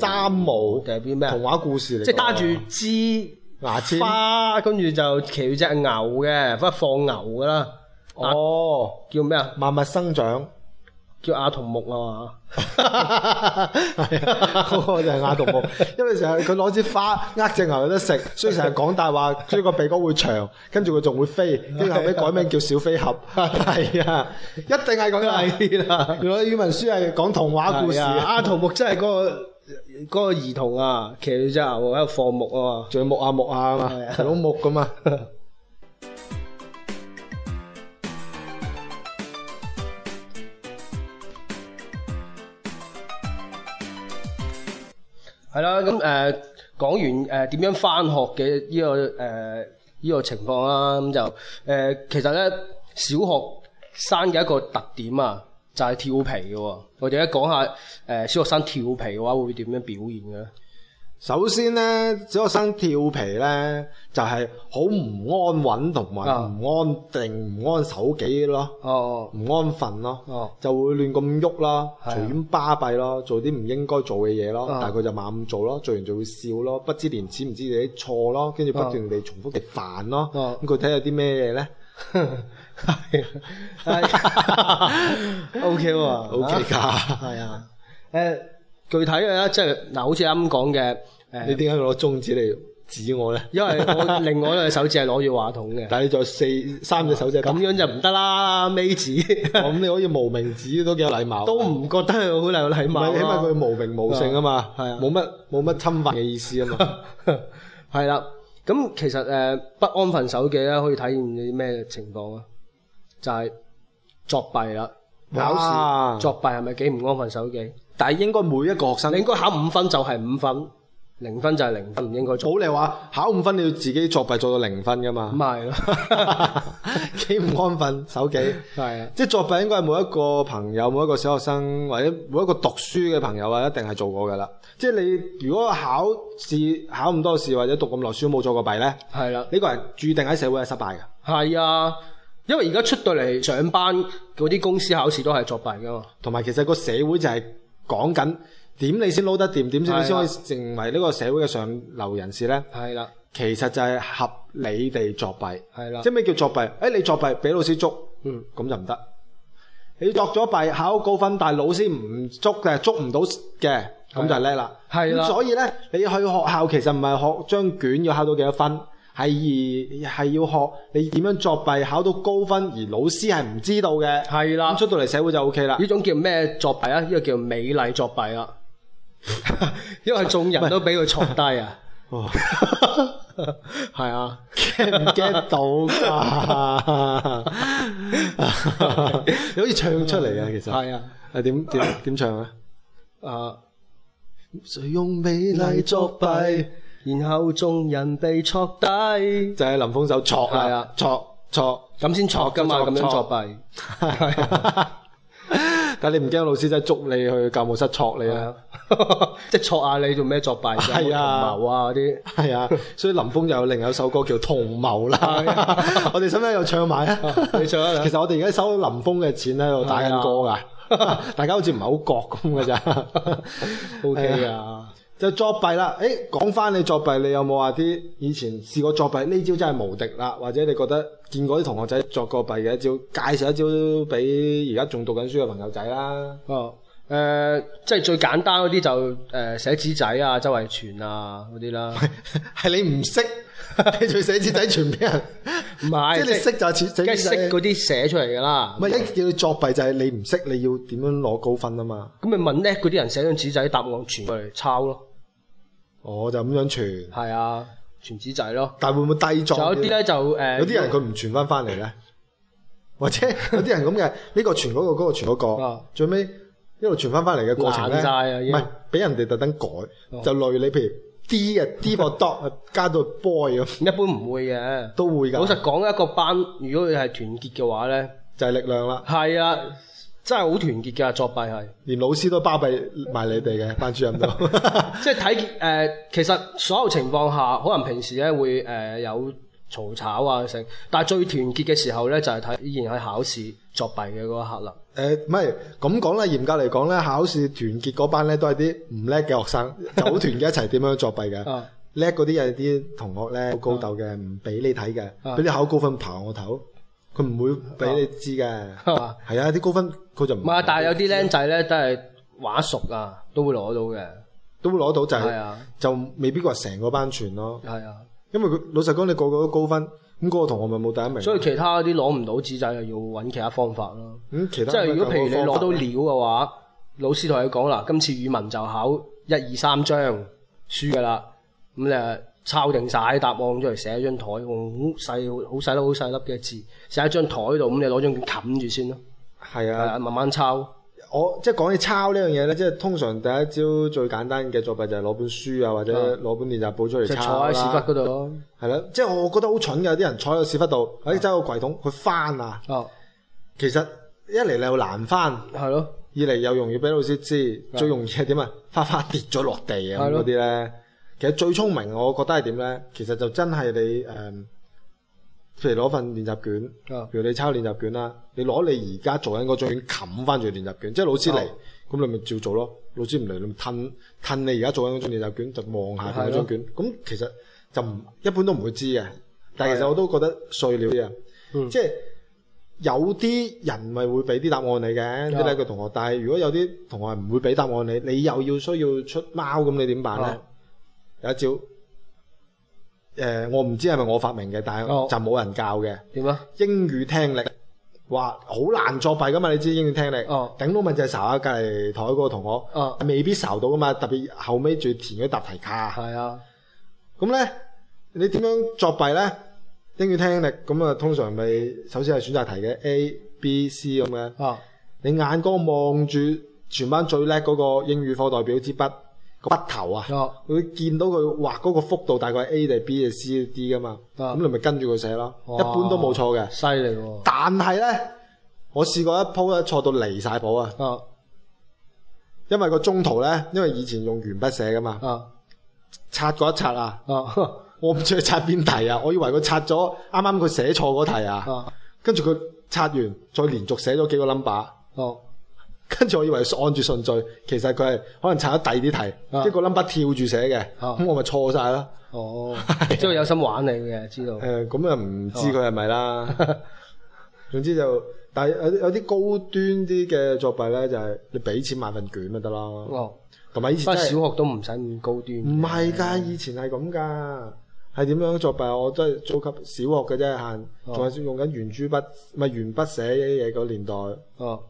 三毛定係邊咩？童話故事嚟，即係揸住枝。牙籤，跟住就騎住隻牛嘅，不過放牛噶啦。哦，叫咩啊？萬物生長，叫阿童木啊嘛。係啊，嗰個就係阿童木，因為成日佢攞支花呃隻牛有得食，所以成日講大話，所以個鼻哥會長，跟住佢仲會飛，跟住後尾改名叫小飛俠。係啊，一定係講牙籤啦。原來語文書係講童話故事，阿童木真係個。嗰個兒童啊，騎住隻牛喺度放牧啊嘛，仲要牧啊牧啊啊嘛，攞木咁啊。好啦， 咁誒講完誒點、呃、樣翻學嘅呢、呢個誒呢、呃呢個情況啦，咁、嗯、就誒、呃、其實咧小學生嘅一個特點啊。就係調皮嘅喎，我哋一講下誒小學生調皮嘅話，會點樣表現嘅咧？首先咧，小學生調皮咧，就係好唔安穩同埋唔安定、唔、啊、安手紀咯，唔安、啊、安分咯，啊、就會亂咁喐啦，隨、啊、便巴閉咯，做啲唔應該做嘅嘢咯，啊、但係佢就猛咁做咯，做完就會笑咯，不知廉恥唔知自己錯咯，跟住不斷地重複地犯咯。咁佢睇下啲咩嘢咧？ 係，O K 喎，O K 噶，係啊，誒，具體嘅咧，即係嗱，好似啱講嘅，誒，你點解要攞中指嚟指我咧？因為我另外一隻手指係攞住話筒嘅， 但係你仲有四三隻手指，咁、啊、 樣就唔得啦，妹子。咁 你可以無名指都幾有禮貌， 都唔覺得佢好有禮貌，因為佢無名無姓啊嘛，係啊， 冇乜冇乜侵犯嘅意思啊嘛，係 啦。咁其實誒不安分手嘅咧，可以體現啲咩情況啊？就係作弊啦，考試作弊係咪幾唔安分守己？但係應該每一個學生，你應該考五分就係五分，零分就係零分，唔應該做。好你話考五分，你要自己作弊做到零分噶嘛？唔係咯，幾唔安分守己。係 是啊，即係作弊應該係每一個朋友、每一個小學生或者每一個讀書嘅朋友啊，一定係做過噶啦。即係你如果考試考咁多試或者讀咁耐書冇作過弊咧，係啦，呢個人注定喺社會係失敗噶。係啊。因為而家出到嚟上班嗰啲公司考試都係作弊噶嘛，同埋其實社的個社會就係講緊點你先撈得掂，點先可以成為呢個社會嘅上流人士呢？係啦的，其實就係合理地作弊，係啦的。即咩叫作弊？誒、欸，你作弊俾老師捉，嗯，咁就唔得。你作咗弊考高分，但係老師唔捉嘅，捉唔到嘅，咁就叻啦。係的的，咁所以呢，你去學校其實唔係學張卷要考到幾多分。係，而係要學你點樣作弊考到高分，而老師係唔知道嘅。係啦的，咁出到嚟社會就 O K 啦。呢種叫咩作弊啊？呢個叫美麗作弊啦， 因為眾人都俾佢坐低啊。 哦，係啊，get 唔 get 到噶？ 你可以唱出嚟啊。其實係 啊，係點點點唱咧？啊，誰 用美麗作弊？然後眾人被戳低，就係林峰首戳弊係啊，戳，弊，咁先戳，弊噶嘛，咁樣作弊。但係你唔驚老師真係捉你去教務室戳你啊？即係戳下你做咩作弊？同謀啊嗰啲，係啊，所以林峰又有另一首歌叫《同謀》啦。我哋使唔使又唱埋啊？你唱啊？其實我哋而家收林峰嘅錢喺度打緊歌噶，大家好似唔係好覺咁噶咋？OK 啊。就作弊啦！誒、欸，講翻你作弊，你有冇話啲以前試過作弊呢招真係無敵啦？或者你覺得見過啲同學仔作過弊嘅一招，介紹一招俾而家仲讀緊書嘅朋友仔啦。哦，誒、呃，即係最簡單嗰啲就誒寫紙仔啊，周圍傳啊嗰啲啦。係 你唔識，你最寫紙仔傳俾人？唔係 是，即係你識就即寫紙識嗰啲寫出嚟㗎啦。唔係不，要、嗯、作弊就係你唔識，你要點樣攞高分啊嘛？咁咪問叻嗰啲人寫張紙仔，答案傳過嚟抄咯。我就咁樣傳，係啊，傳紙仔咯。但係會唔會低作？有啲咧就誒，有啲人佢唔傳翻翻嚟咧，或者有啲人咁嘅，呢個傳嗰個，嗰個傳嗰個，最尾一路傳翻翻嚟嘅過程咧，唔係俾人哋特登改，就累你。譬如 D 啊 D 個 dog 加到 boy 咁，一般唔會嘅，都會噶。老實講，一個班如果佢係團結嘅話咧，就係力量啦。係啊。真係好團結嘅，作弊係，連老師都包庇埋你哋嘅 班主任都。 即係睇誒，其實所有情況下，可能平時咧會誒、呃、有嘈吵啊成，但係最團結嘅時候咧就係睇，依然喺考試作弊嘅嗰一刻啦。誒唔係咁講啦，嚴格嚟講咧，考試團結嗰班咧都係啲唔叻嘅學生組 團嘅一齊點樣作弊嘅。叻嗰啲係啲同學咧好高竇嘅，唔俾你睇嘅，俾你考高分爬我頭。啊啊佢唔會俾你知嘅，係啊，啲、 啊、高分佢就唔。唔係，但係有啲僆仔咧都係畫熟啊，都會攞到嘅，都攞到、就係，就係、啊、就未必話成個班全咯。係啊，因為佢老實講，你個，個個都高分，咁、嗰、嗰個同學咪冇第一名。所以其他啲攞唔到紙仔，又要揾其他方法咯。咁、嗯、其他即係如果譬如你攞到料嘅話，嗯、老師同你講啦，今次語文就考一二三章書㗎啦，咁你。抄定晒答案出嚟，寫喺張台，用好細、好細粒、好細粒嘅字，寫喺張台度。咁你攞張卷冚住先咯。係啊，慢慢抄。我即係講起抄呢樣嘢咧，即係通常第一招最簡單嘅作弊就係攞本書啊，或者攞本練習簿出嚟抄。坐喺屎忽嗰度，係啦。即係我覺得好蠢嘅，有啲人坐喺個屎忽度，喺爭個櫃筒，去翻啊。哦。其實一嚟你又難翻，係咯。二嚟又容易俾老師知，最容易係點啊？花花跌咗落地啊，嗰啲咧。其實最聰明，我覺得係點咧？其實就真係你誒、呃，譬如攞份練習卷，Yeah. 譬如你抄練習卷啦，你攞你而家做緊嗰張卷冚翻住練習卷，即係老師嚟，咁 Yeah. 你咪照做咯。老師唔嚟，你咪褪褪你而家做緊嗰張練習卷，就望下另一張卷。咁 Yeah. 其實就唔一般都唔會知嘅。但係其實我都覺得碎料啲啊，Yeah. 嗯、即係有啲人咪會俾啲答案你嘅，啲叻嘅同學。但係如果有啲同學唔會俾答案你，你又要需要出貓咁，你點辦咧？Yeah. 有一招，誒、呃，我唔知係咪我發明嘅，但係就冇人教嘅。點樣啊？英語聽力話好難作弊噶嘛？你知英語聽力，頂多咪就係睄下啊，隔離台嗰個同學，未必睄到噶嘛。特別後尾仲填咗答題卡。係啊。咁咧，你點樣作弊咧？英語聽力咁啊，通常咪首先係選擇題嘅 A、B、C 咁嘅。啊。你眼光望住全班最叻嗰個英語課代表支筆。個筆頭啊，佢見到佢畫嗰個幅度大概係 A 定 B 定 C 啲噶嘛，咁你咪跟住佢寫咯，一般都冇錯嘅。犀利喎！但係咧，我試過一鋪咧錯到離晒譜啊！因為個中途咧，因為以前用鉛筆寫噶嘛，擦過，一擦啊，我唔知係擦邊題啊，我以為佢擦咗，啱啱佢寫錯嗰題啊，跟住佢擦完再連續寫咗幾個 number。跟住我以為按住順序，其實佢係可能拆咗第二啲題，一個 number 跳住寫嘅，咁我咪錯晒咯。哦，即係有心玩你嘅，知道。誒，咁又唔知佢係咪啦。總之就，但係有有啲高端啲嘅作弊咧，就係你俾錢買份卷咪得咯。哦，同埋以前真係小學都唔使咁高端。唔係㗎，以前係咁㗎，係點樣作弊？我真係租級小學嘅啫，限仲係用緊圓珠筆，唔係圓筆寫啲嘢嗰年代。哦。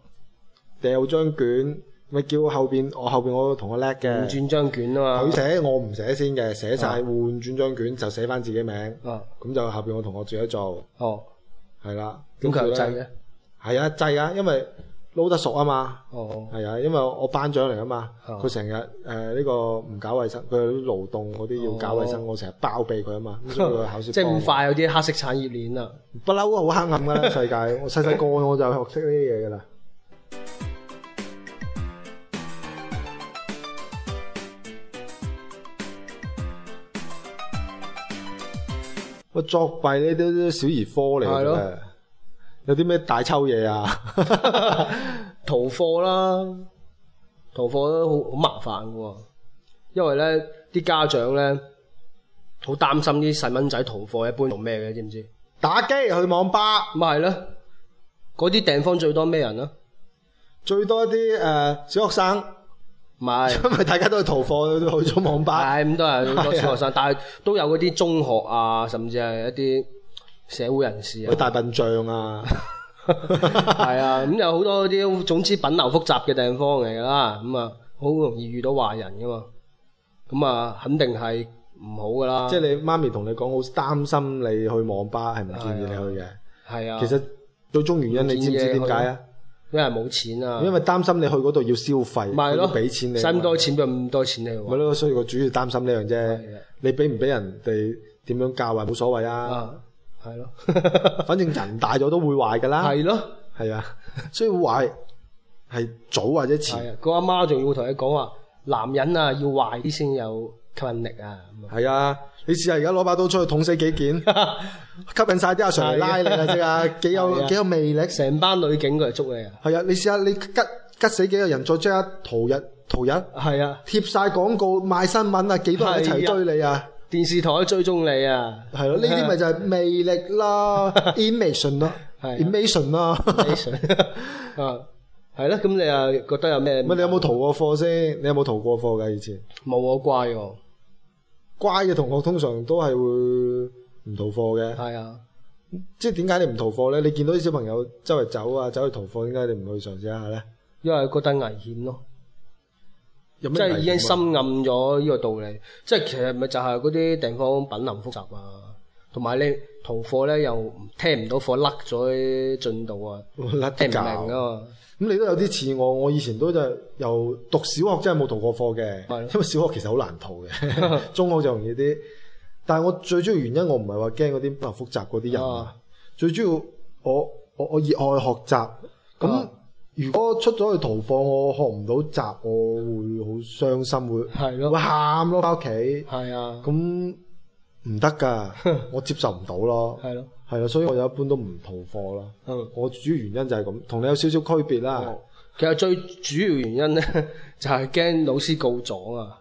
掟好張卷，咪叫後邊我後邊我同學叻嘅換轉張卷啊嘛，佢寫我唔寫先嘅，寫晒換轉張卷就寫翻自己名，咁就後邊我同學自己做，哦，係啦，咁就係啊，係啊，制啊，因為撈得熟啊嘛，哦，係啊，因為我班長嚟啊嘛，佢成日誒呢個唔搞衞生，佢有啲勞動嗰啲要搞衞生，我成日包庇佢啊嘛，咁佢考試即係咁快有啲黑色產業鏈啊，不嬲啊，好黑暗噶世界，我細細個我就學識呢啲嘢噶啦。我作弊呢啲小兒科嚟嘅，是的 有啲咩大抽嘢啊？ 逃課啦，逃課都好好麻煩嘅。因為咧，啲家長咧好擔心啲細蚊仔逃課，一般做咩嘅？知唔知打機去網吧？咪係咯，嗰啲地方最多咩人啊？最多啲誒、呃、小學生。唔係，因為大家都係逃課，都去咗網吧。咁都係好多小學生，但係都有嗰啲中學啊，甚至係一啲社會人士。啲大笨象啊，係啊，咁有好多啲總之品流複雜嘅地方嚟㗎啦。咁啊，好容易遇到壞人㗎嘛。咁啊，肯定係唔好噶啦。即係你媽咪同你講好擔心你去網吧，係唔建議你去嘅？係啊。其實最終原因，你知唔知點解啊？因為冇錢啊，因為擔心你去嗰度要消費，俾錢你，使咁多錢就咁多錢你。咪咯，所以我主要擔心呢的樣啫。你俾唔俾人哋點樣教，話冇所謂啊。係咯、啊， 反正人大咗都會壞噶啦。係咯是的，係 啊，所以壞係早或、啊、者遲。個阿媽仲要同你講話，男人啊要壞啲先有吸引力啊。係啊的。你試下而家攞把刀出去捅死幾件，吸引晒啲阿 Sir 嚟拉你啊！即係幾有幾有魅力，成班女警過嚟捉你啊！係啊，你試下你吉吉死幾個人，再即刻逃日逃日，係啊，貼晒廣告賣新聞啊，幾多人一齊追你啊？電視台追蹤你啊！係咯，呢啲咪就係魅力啦，emotion 啦，emotion 啦，啊，係咯，咁你又覺得有咩？乜你有冇逃過課先？你有冇逃過課噶？以前冇我乖個。乖嘅同學通常都係會唔逃課嘅，係啊，即係點解你唔逃課咧？你見到啲小朋友周圍走啊，走去逃課，點解你唔去嘗試一下咧？因為覺得危險咯，危險咯，即係已經深暗咗呢個道理。嗯，即係其實咪就係嗰啲地方品能複雜啊，同埋咧逃課咧又聽唔到課，甩咗進度啊， 掉了 聽唔明啊嘛。咁你都有啲似我，我以前都就由讀小學真係冇逃過課嘅，是的 因為小學其實好難逃嘅， 中學就容易啲。但係我最主要原因，我唔係話驚嗰啲比較複雜嗰啲人啊，最主要我我我熱愛學習。咁、啊、如果出咗去逃課，我學唔到習，我會好傷心會，會喊咯，翻屋企。係啊是的，咁唔得㗎， 我接受唔到咯。係咯。係啊，所以我又一般都唔逃課啦。嗯、我主要原因就係咁，同你有少少區別啦、嗯。其實最主要原因咧，就係、是、驚老師告狀啊，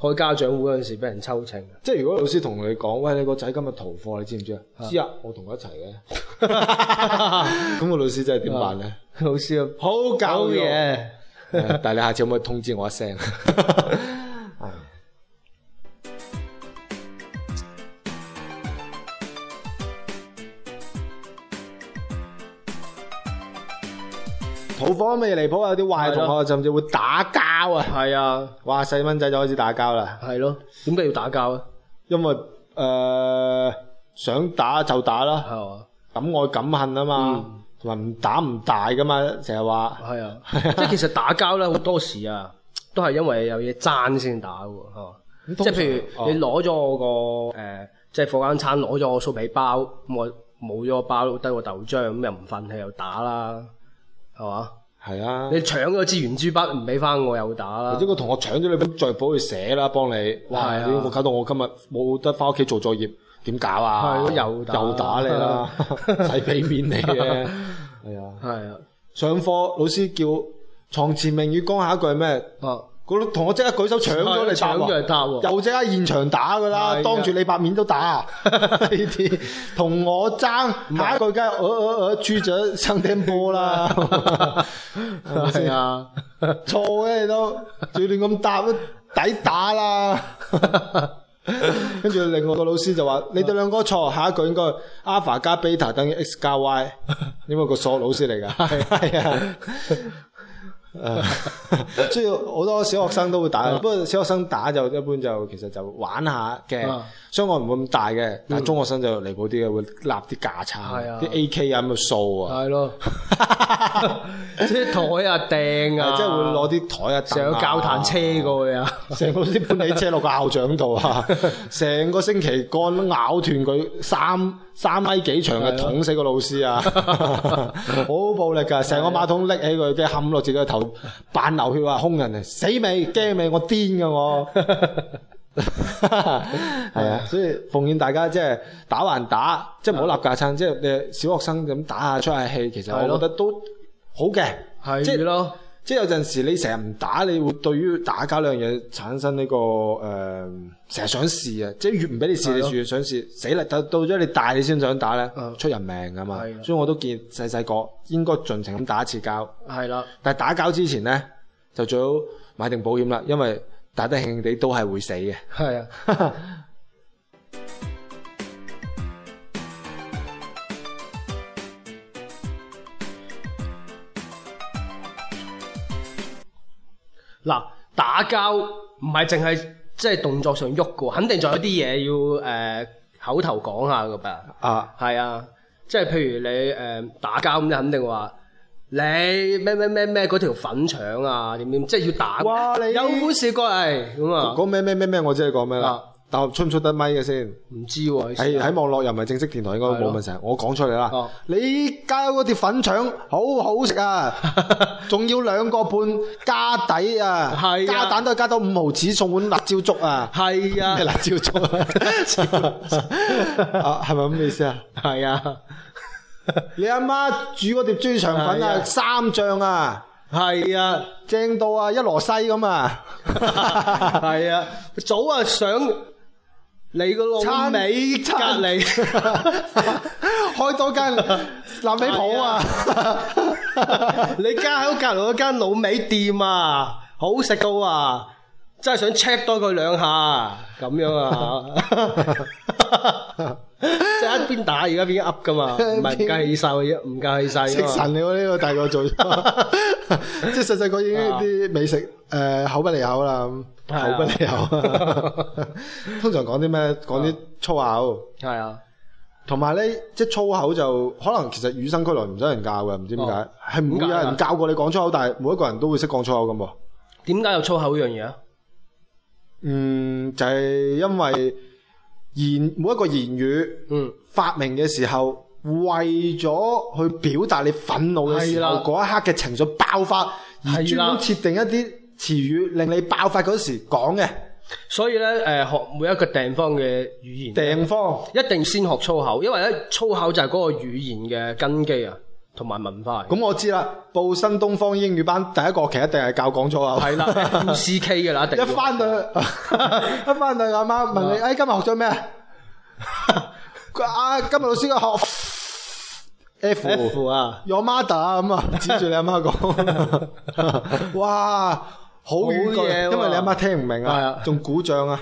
開家長會嗰陣時俾人抽秤、啊。即係如果老師同你講，喂，你個仔今日逃課，你知唔知啊？知啊，我同佢一齊嘅。咁 個 老師真係點辦咧？老師啊，好搞嘢！哦 yeah、 但係你下次可唔可以通知我一聲 好荒咩離譜啊！有啲壞同學甚至會打交啊！係啊的，話細蚊仔就開始打交啦。係咯，點解要打交啊？因為誒、呃、想打就打啦，係的嘛？敢愛敢恨啊嘛，同埋唔打唔大噶嘛，成日話。係啊的，的即係其實打交咧，好多時啊都係因為有嘢爭先打嘅，吓。常即係譬如你攞咗我個誒、哦呃，即係課間餐攞咗我酥皮包，咁我冇咗個包，得個豆漿，咁又唔忿，氣又，又打啦。係嘛？係啊！你搶咗支圓珠筆唔俾翻我，又打啦！啊、如果個同學搶咗你筆作業去寫啦，幫你。哇！你搞到我今日冇得翻屋企做作業，點搞啊，啊？又打，又打你啦！使俾面你嘅。係啊，係 啊！上課老師叫床前明月光，下一句係咩？啊！同我即刻舉手搶咗你，搶你又即刻現場打噶啦，是的 當住你白面都打，啊。呢啲同我爭是下一個、呃呃呃呃呃，梗係鵝鵝鵝豬仔生聽波啦。咩、 嗯、才的啊，啊？錯嘅你都仲亂咁答，都抵打啦。 跟住另外個老師就話：你哋兩個錯，下一個應該阿法加 beta 等於 X 加 Y。因為個傻老師嚟噶，係啊。誒， 所以好多小學生都會打， 不過小學生打就一般就其實就玩下嘅，傷害唔會咁大嘅。嗯、但係中學生就離譜啲嘅，嗯、會立啲架撐，啲 A K 啊咁嘅掃啊，係咯，即係台啊掟啊，即係會攞啲台啊掟啊，上交彈車過去啊，成部啲搬起車落個校長度啊，成個星期乾咬斷佢三。三米幾長嘅的捅死個老師啊，好 暴力噶！成的個馬桶拎起佢，即係冚落自己個頭，扮流血啊，凶人嚟，死未驚未？我癲噶我，係 啊！所以奉勸大家即係、就是、打還打，即係唔好立架撐，即係你小學生咁打下出下氣，其實我覺得都好嘅，即係咯。就是即係有陣時你成日唔打，你會對於打交呢樣嘢產生呢、這個誒，成、呃、日想試啊！即係越唔俾你試，是的 你越想試，死啦！到到咗你大，你先想打咧，啊、出人命噶嘛！是的 所以我都建議細細個應該盡情咁打一次交。係啦，但係打交之前咧，就最好買定保險啦，因為打得慶慶地都係會死嘅。係啊。嗱，打交唔係淨係即係動作上喐噶，肯定仲有啲嘢要誒、呃、口頭講下噶噃。啊，係啊，即係譬如你誒、呃、打交咁，你肯定話你咩咩咩咩嗰條粉腸啊，點點，即係要打。哇！你有本事過嚟咁啊！講咩咩咩咩，咩咩咩我知你講咩啦。啊但出唔出得咪嘅先？唔知喎，喺喺網絡又唔係正式電台，應該冇問題。我講出嚟啦，你加嗰碟粉腸好好食啊，仲要兩個半加底啊，加蛋都係加到五毫子，送碗辣椒粥啊，係啊，辣椒粥啊，係咪咁意思啊？係啊，你阿媽煮嗰碟豬腸粉啊，三醬啊，係啊，正到啊一羅西咁啊，係啊，早啊想。你個老味餐，隔籬開多間臘味鋪啊！你家喺隔籬嗰間老味店啊美店，好食到啊，真係想 check 多佢兩下，咁樣啊！ 即係 一邊打而家邊噏噶嘛，唔計數嘅嘢，唔計數。食神你喎，呢個大個做， 即係細細個已經啲美食誒口不離口啦，口不離口。 通常講啲咩？講啲粗口。係是啊呢，同埋咧，即係粗口就可能其實與生俱來唔使人教嘅，唔知點解係唔會有人教過你講粗口，但係每一個人都會識講粗口咁。點解有粗口呢樣嘢啊？嗯，就係、是、因為。 言每一個言語，發明嘅時候，嗯、為咗去表達你憤怒嘅時候，嗰的一刻嘅情緒爆發，而專門設定一啲詞語的令你爆發嗰時講嘅。所以咧，誒、呃、學每一個地方嘅語言，地方一定先學粗口，因為咧粗口就係嗰個語言嘅根基啊。同埋文化嘅，咁我知啦。報新東方英語班第一個學期一定係教講粗口，係啦，C K 噶啦，一定。一翻到一翻 到阿媽問你，哎，今日學咗咩啊？ 啊，今日老師個學 F F 啊 F, your mother 咁啊， 指住你阿媽講，哇，好遠，因為你阿媽聽唔明啊，仲鼓掌啊，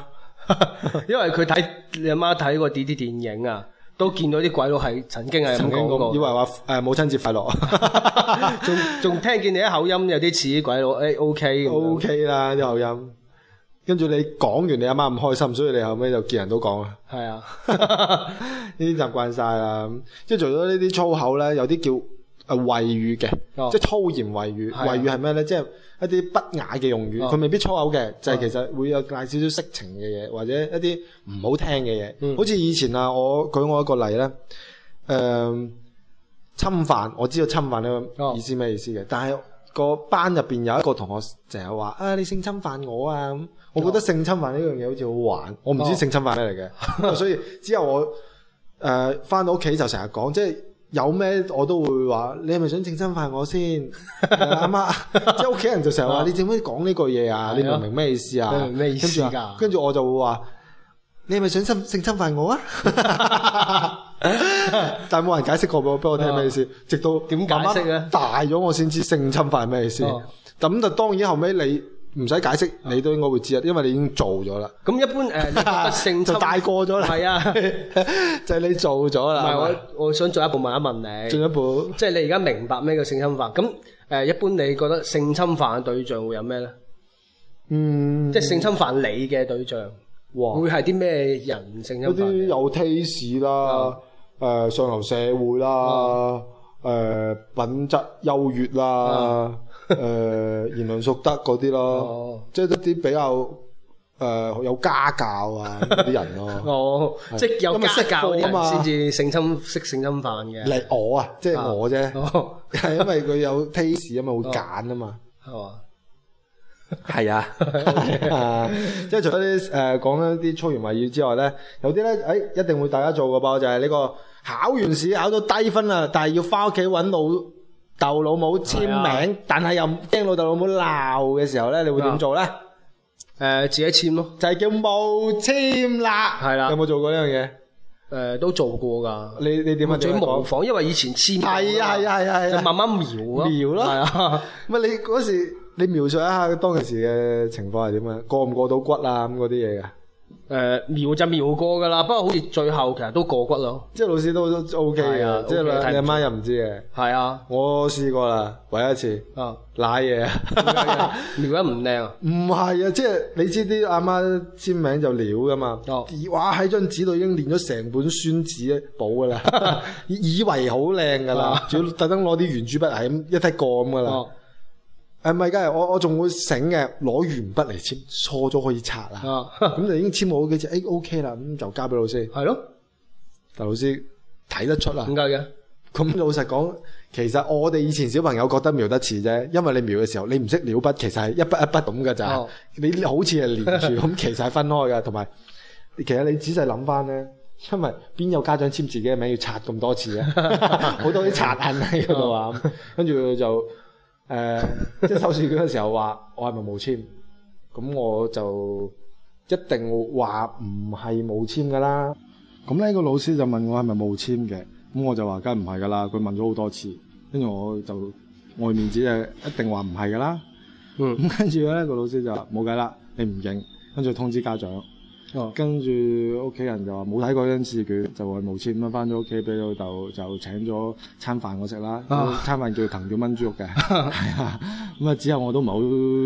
因為佢睇你阿媽睇過 D D 電影啊。都見到啲鬼佬係曾經係咁講過，以為話誒母親節快樂，仲仲聽見你啲口音有啲似啲鬼佬、哎，誒 O K O K 啦啲口音，跟住你講完你阿媽唔開心，所以你後尾就見人都講 啊，係啊，呢啲習慣晒啦，即係除咗呢啲粗口咧，有啲叫誒穢語嘅，即係粗言穢語，穢的語係咩咧？即係。一啲不雅嘅用語，佢未必粗口嘅，啊、就係其實會有帶少少色情嘅嘢，或者一啲唔好聽嘅嘢。嗯、好似以前啊，我舉我一個例咧，誒、呃、侵犯，我知道侵犯呢個意思咩意思嘅，啊、但係個班入邊有一個同學成日話啊，你性侵犯我啊咁，我覺得性侵犯呢樣嘢好似好玩，啊、我唔知性侵犯咩嚟嘅，啊、 所以之後我誒翻、呃、到屋企就成日講，即係。有咩我都會話，你係咪想性侵犯我先？阿媽，即係屋企人就成日話你做乜講呢句嘢啊？你，啊你明唔明咩意思，明明意思啊？咩意思？跟住我就會話，你係咪想性侵犯我啊？ 但係冇人解釋過俾我，俾、啊、我聽咩意思，直到點解大咗我先知性侵犯係咩意思。咁就、啊啊、當然後尾你。唔使解釋，你都應該會知啦，因為你已經做咗啦。咁一般誒，不性就大過咗啦。係啊，就係你做咗啦。唔係，我我想進一步問一問你。進一步，即係你而家明白咩叫性侵犯？咁誒，一般你覺得性侵犯嘅對象會有咩咧？嗯，即係性侵犯你嘅對象，會係啲咩人性侵犯？嗰啲有 taste 啦，誒上流社會啦，誒品質優越啦。誒、 呃，言論熟得嗰啲咯，oh. 即係一啲比較，誒、呃，有家教啊啲人咯。 oh. 是哦，即有家教啊嘛，先至性侵識性侵犯嘅。嚟我啊， 即係我啫，係因為佢有 taste 啊嘛，會揀啊嘛。係嘛？係啊，即係除咗啲誒講緊啲粗言穢語之外咧，有啲咧，誒一定會大家做嘅噃就係、是、呢個考完試考到低分啦，但係要翻屋企揾路。 豆老母簽名，但係又驚老豆老母鬧嘅時候咧，你會點做咧？誒，自己簽咯，就係叫冒簽啦。係啦，有冇做過呢樣嘢？誒，都做過噶。你你點啊？最模仿，因為以前簽名係啊，係啊，係啊，就慢慢描啊，描咯。係啊，咁你嗰時你描述一下當陣時嘅情況係點啊？過唔過到骨啊咁嗰啲嘢噶？誒，描就描過噶啦，不過好似最後其實都過骨咯。即係老師都 O K 啊，即係你阿媽又唔知嘅。係啊，我試過啦，唯一一次。哦，瀨嘢啊，撩得唔靚啊？唔係啊，即係你知啲阿媽簽名就撩噶嘛。哦，哇喺張紙度已經練咗成本孫子簿噶啦，以為好靚噶啦，仲要特登攞啲圓珠筆係咁一睇過咁噶啦。誒，唔係噶，我我仲會醒嘅，攞鉛筆嚟簽錯咗可以擦啊。咁就、哦、 已經簽好幾隻，誒、哎、，OK 啦，咁就交俾老師。係咯、嗯，但老師睇得出啦。點解嘅？咁老實講，其實我哋以前小朋友覺得描得似啫，因為你描嘅時候，你唔識描筆，其實係一筆一筆咁噶咋。哦、 你好似係連住，咁其實係分開噶。同埋，其實你仔細諗翻咧，因為邊有家長簽自己嘅名要擦咁多次咧？好 多啲擦痕喺度啊，跟住 就。誒、 呃，即係收試卷嘅時候話，我係咪冇簽？咁我就一定話唔係冇簽噶啦。咁咧、嗯、個老師就問我係咪冇簽嘅，咁我就話梗係唔係噶啦。佢問咗好多次，跟住我就外面紙誒一定話唔係噶啦。嗯，咁跟住咧個老師就話冇計啦，你唔認，跟住通知家長。跟住屋企人就話冇睇過張試卷，就話冇簽啦，翻咗屋企俾老豆就請咗餐飯我食啦，餐飯叫藤椒燜豬肉嘅，係啊，咁啊之後我都唔係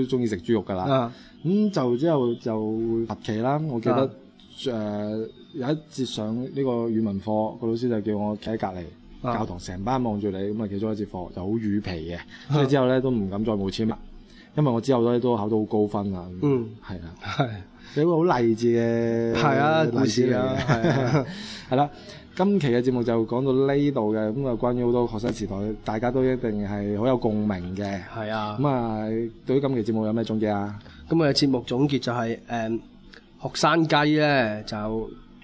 好中意食豬肉噶啦，咁就之後就罰企啦，我記得誒有一節上呢個語文課，個老師就叫我企喺隔籬，教堂成班望住你，咁啊其中一節課就好魚皮嘅，所以之後咧都唔敢再冇簽啦，因為我之後咧都考到好高分啊，嗯，係啊，係。你會好勵志嘅，係啊，勵志嚟嘅，係一啦一一。今期嘅節目就講到呢度嘅，咁啊，關於好多學生時代，大家都一定係好有共鳴嘅。係啊的。咁啊一，對於今期節目有咩總結啊？咁啊，節目總結就係、是、誒、嗯、學生雞咧，就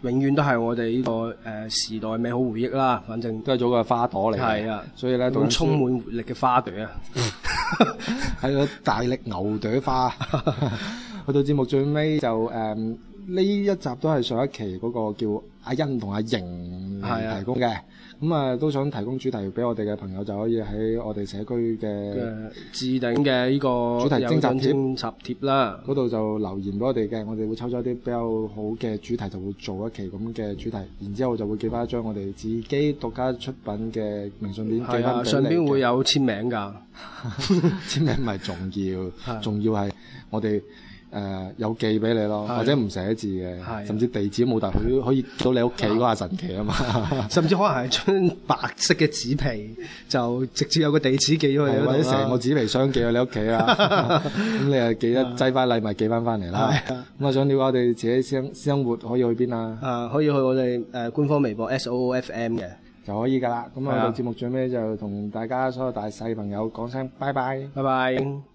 永遠都係我哋呢、這個誒、呃、時代美好回憶啦。反正都係做嘅花朵嚟。係啊的。所以咧，充滿活力嘅花朵啊。係個一大力牛朵花。一去到節目最尾就誒呢、嗯、一集都係上一期嗰個叫阿欣同阿瑩提供嘅，咁是啊、嗯、都想提供主題俾我哋嘅朋友，就可以喺我哋社區嘅置頂嘅呢個主題徵集帖啦。嗰度就留言俾我哋嘅，我哋會抽咗一啲比較好嘅主題，就會做一期咁嘅主題。然之後就會寄翻一張我哋自己獨家出品嘅明信片，寄翻俾你嘅。上邊會有簽名㗎， 簽名唔係重要，是啊、重要係我哋。誒、呃、有寄俾你咯，或者唔寫字嘅，的甚至地址都冇，但係佢可以到你屋企嗰下神奇啊嘛！ 甚至可能係將白色嘅紙皮就直接有個地址寄咗去，或者成個紙皮箱寄去你屋企啦。咁 你又記得擠翻禮物寄翻翻嚟啦。咁的我想了解我哋自己生生活可以去邊啊？誒、呃，可以去我哋誒官方微博 S O F M 嘅就可以㗎啦。咁我哋節目最尾就同大家所有大細朋友講聲拜拜，拜拜。拜拜。